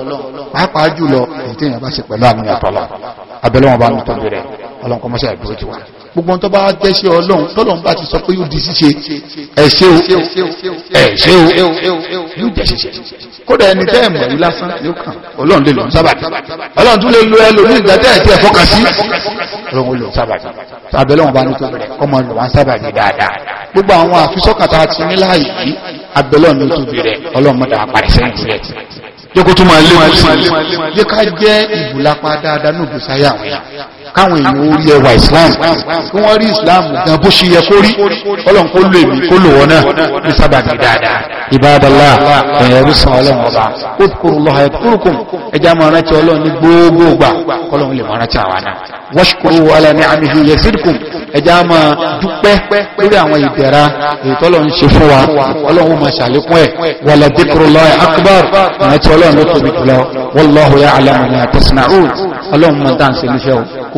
pàápàá jùlọ èyí tí èèyàn bá ṣe pẹ̀lú àmì àtọ́lọ́ abẹ́lẹ́wọ̀n bá mi tọ́jú rẹ̀ ọlọ́run kọ́ ti wà gbogbo tó bá jẹ́ṣẹ́ ọlọ́run tọ́lọ́run bá ti sọ pé yóò di ṣíṣe ẹ̀ṣẹ́ o ẹ̀ṣẹ́ o yóò jẹ́ ṣíṣe kódà ẹni tẹ́ ẹ̀mọ̀ yìí lásán yóò kàn ọlọ́run lè lọ sábàtì ọlọ́run tún lè lo ẹlòmí ìdájẹ́ ẹ̀ṣẹ́ ẹ̀fọ́kà sí ọlọ́run lò sábàtì tàbí ọlọ́run bá ní tó bẹ̀rẹ̀ kọ́mọ lò wá sábàtì dáadáa gbogbo àwọn àfisọ́kàtà ti ní láàyè yìí abẹ́lọ́ ní tó bẹ̀rẹ̀ ọlọ́run mọ́ta àpàrẹ̀sẹ̀ ìpìlẹ̀ jẹ́ kó tún máa lé wọn sí i jẹ́ jẹ́ ìbùlápá dáadáa ní òbí sáyà wọn káwọn èèyàn ó rí ẹwà islam kí wọ́n rí islam gan bó ṣe yẹ kó rí ọlọ́run kó lò èmi kó lò wọ́n náà ní sábàbí dáadáa ìbádọ́lá ẹ̀rú san ọlọ́run ọba ó kúrò lọ́ha ẹ̀kúrùkùn ẹja máa rántí ọlọ́run ní gbogbogbà kọ́lọ́run lè máa rántí àwa náà wọ́ṣùkúrú wàhálà ní àmì ìyẹ sídìkùn ẹja máa dúpẹ́ lórí àwọn ìdẹ̀ra ìtọ́lọ̀ ń ṣe fún wa ọlọ́run máa ṣàlékún ẹ̀ wàlà dìkùrùlọ́ọ̀ akbar rántí ọlọ́run ló tóbi jùlọ wallahu ya'lamu ma tasna'un ọlọ́run máa dáǹsẹ̀ níṣẹ́ o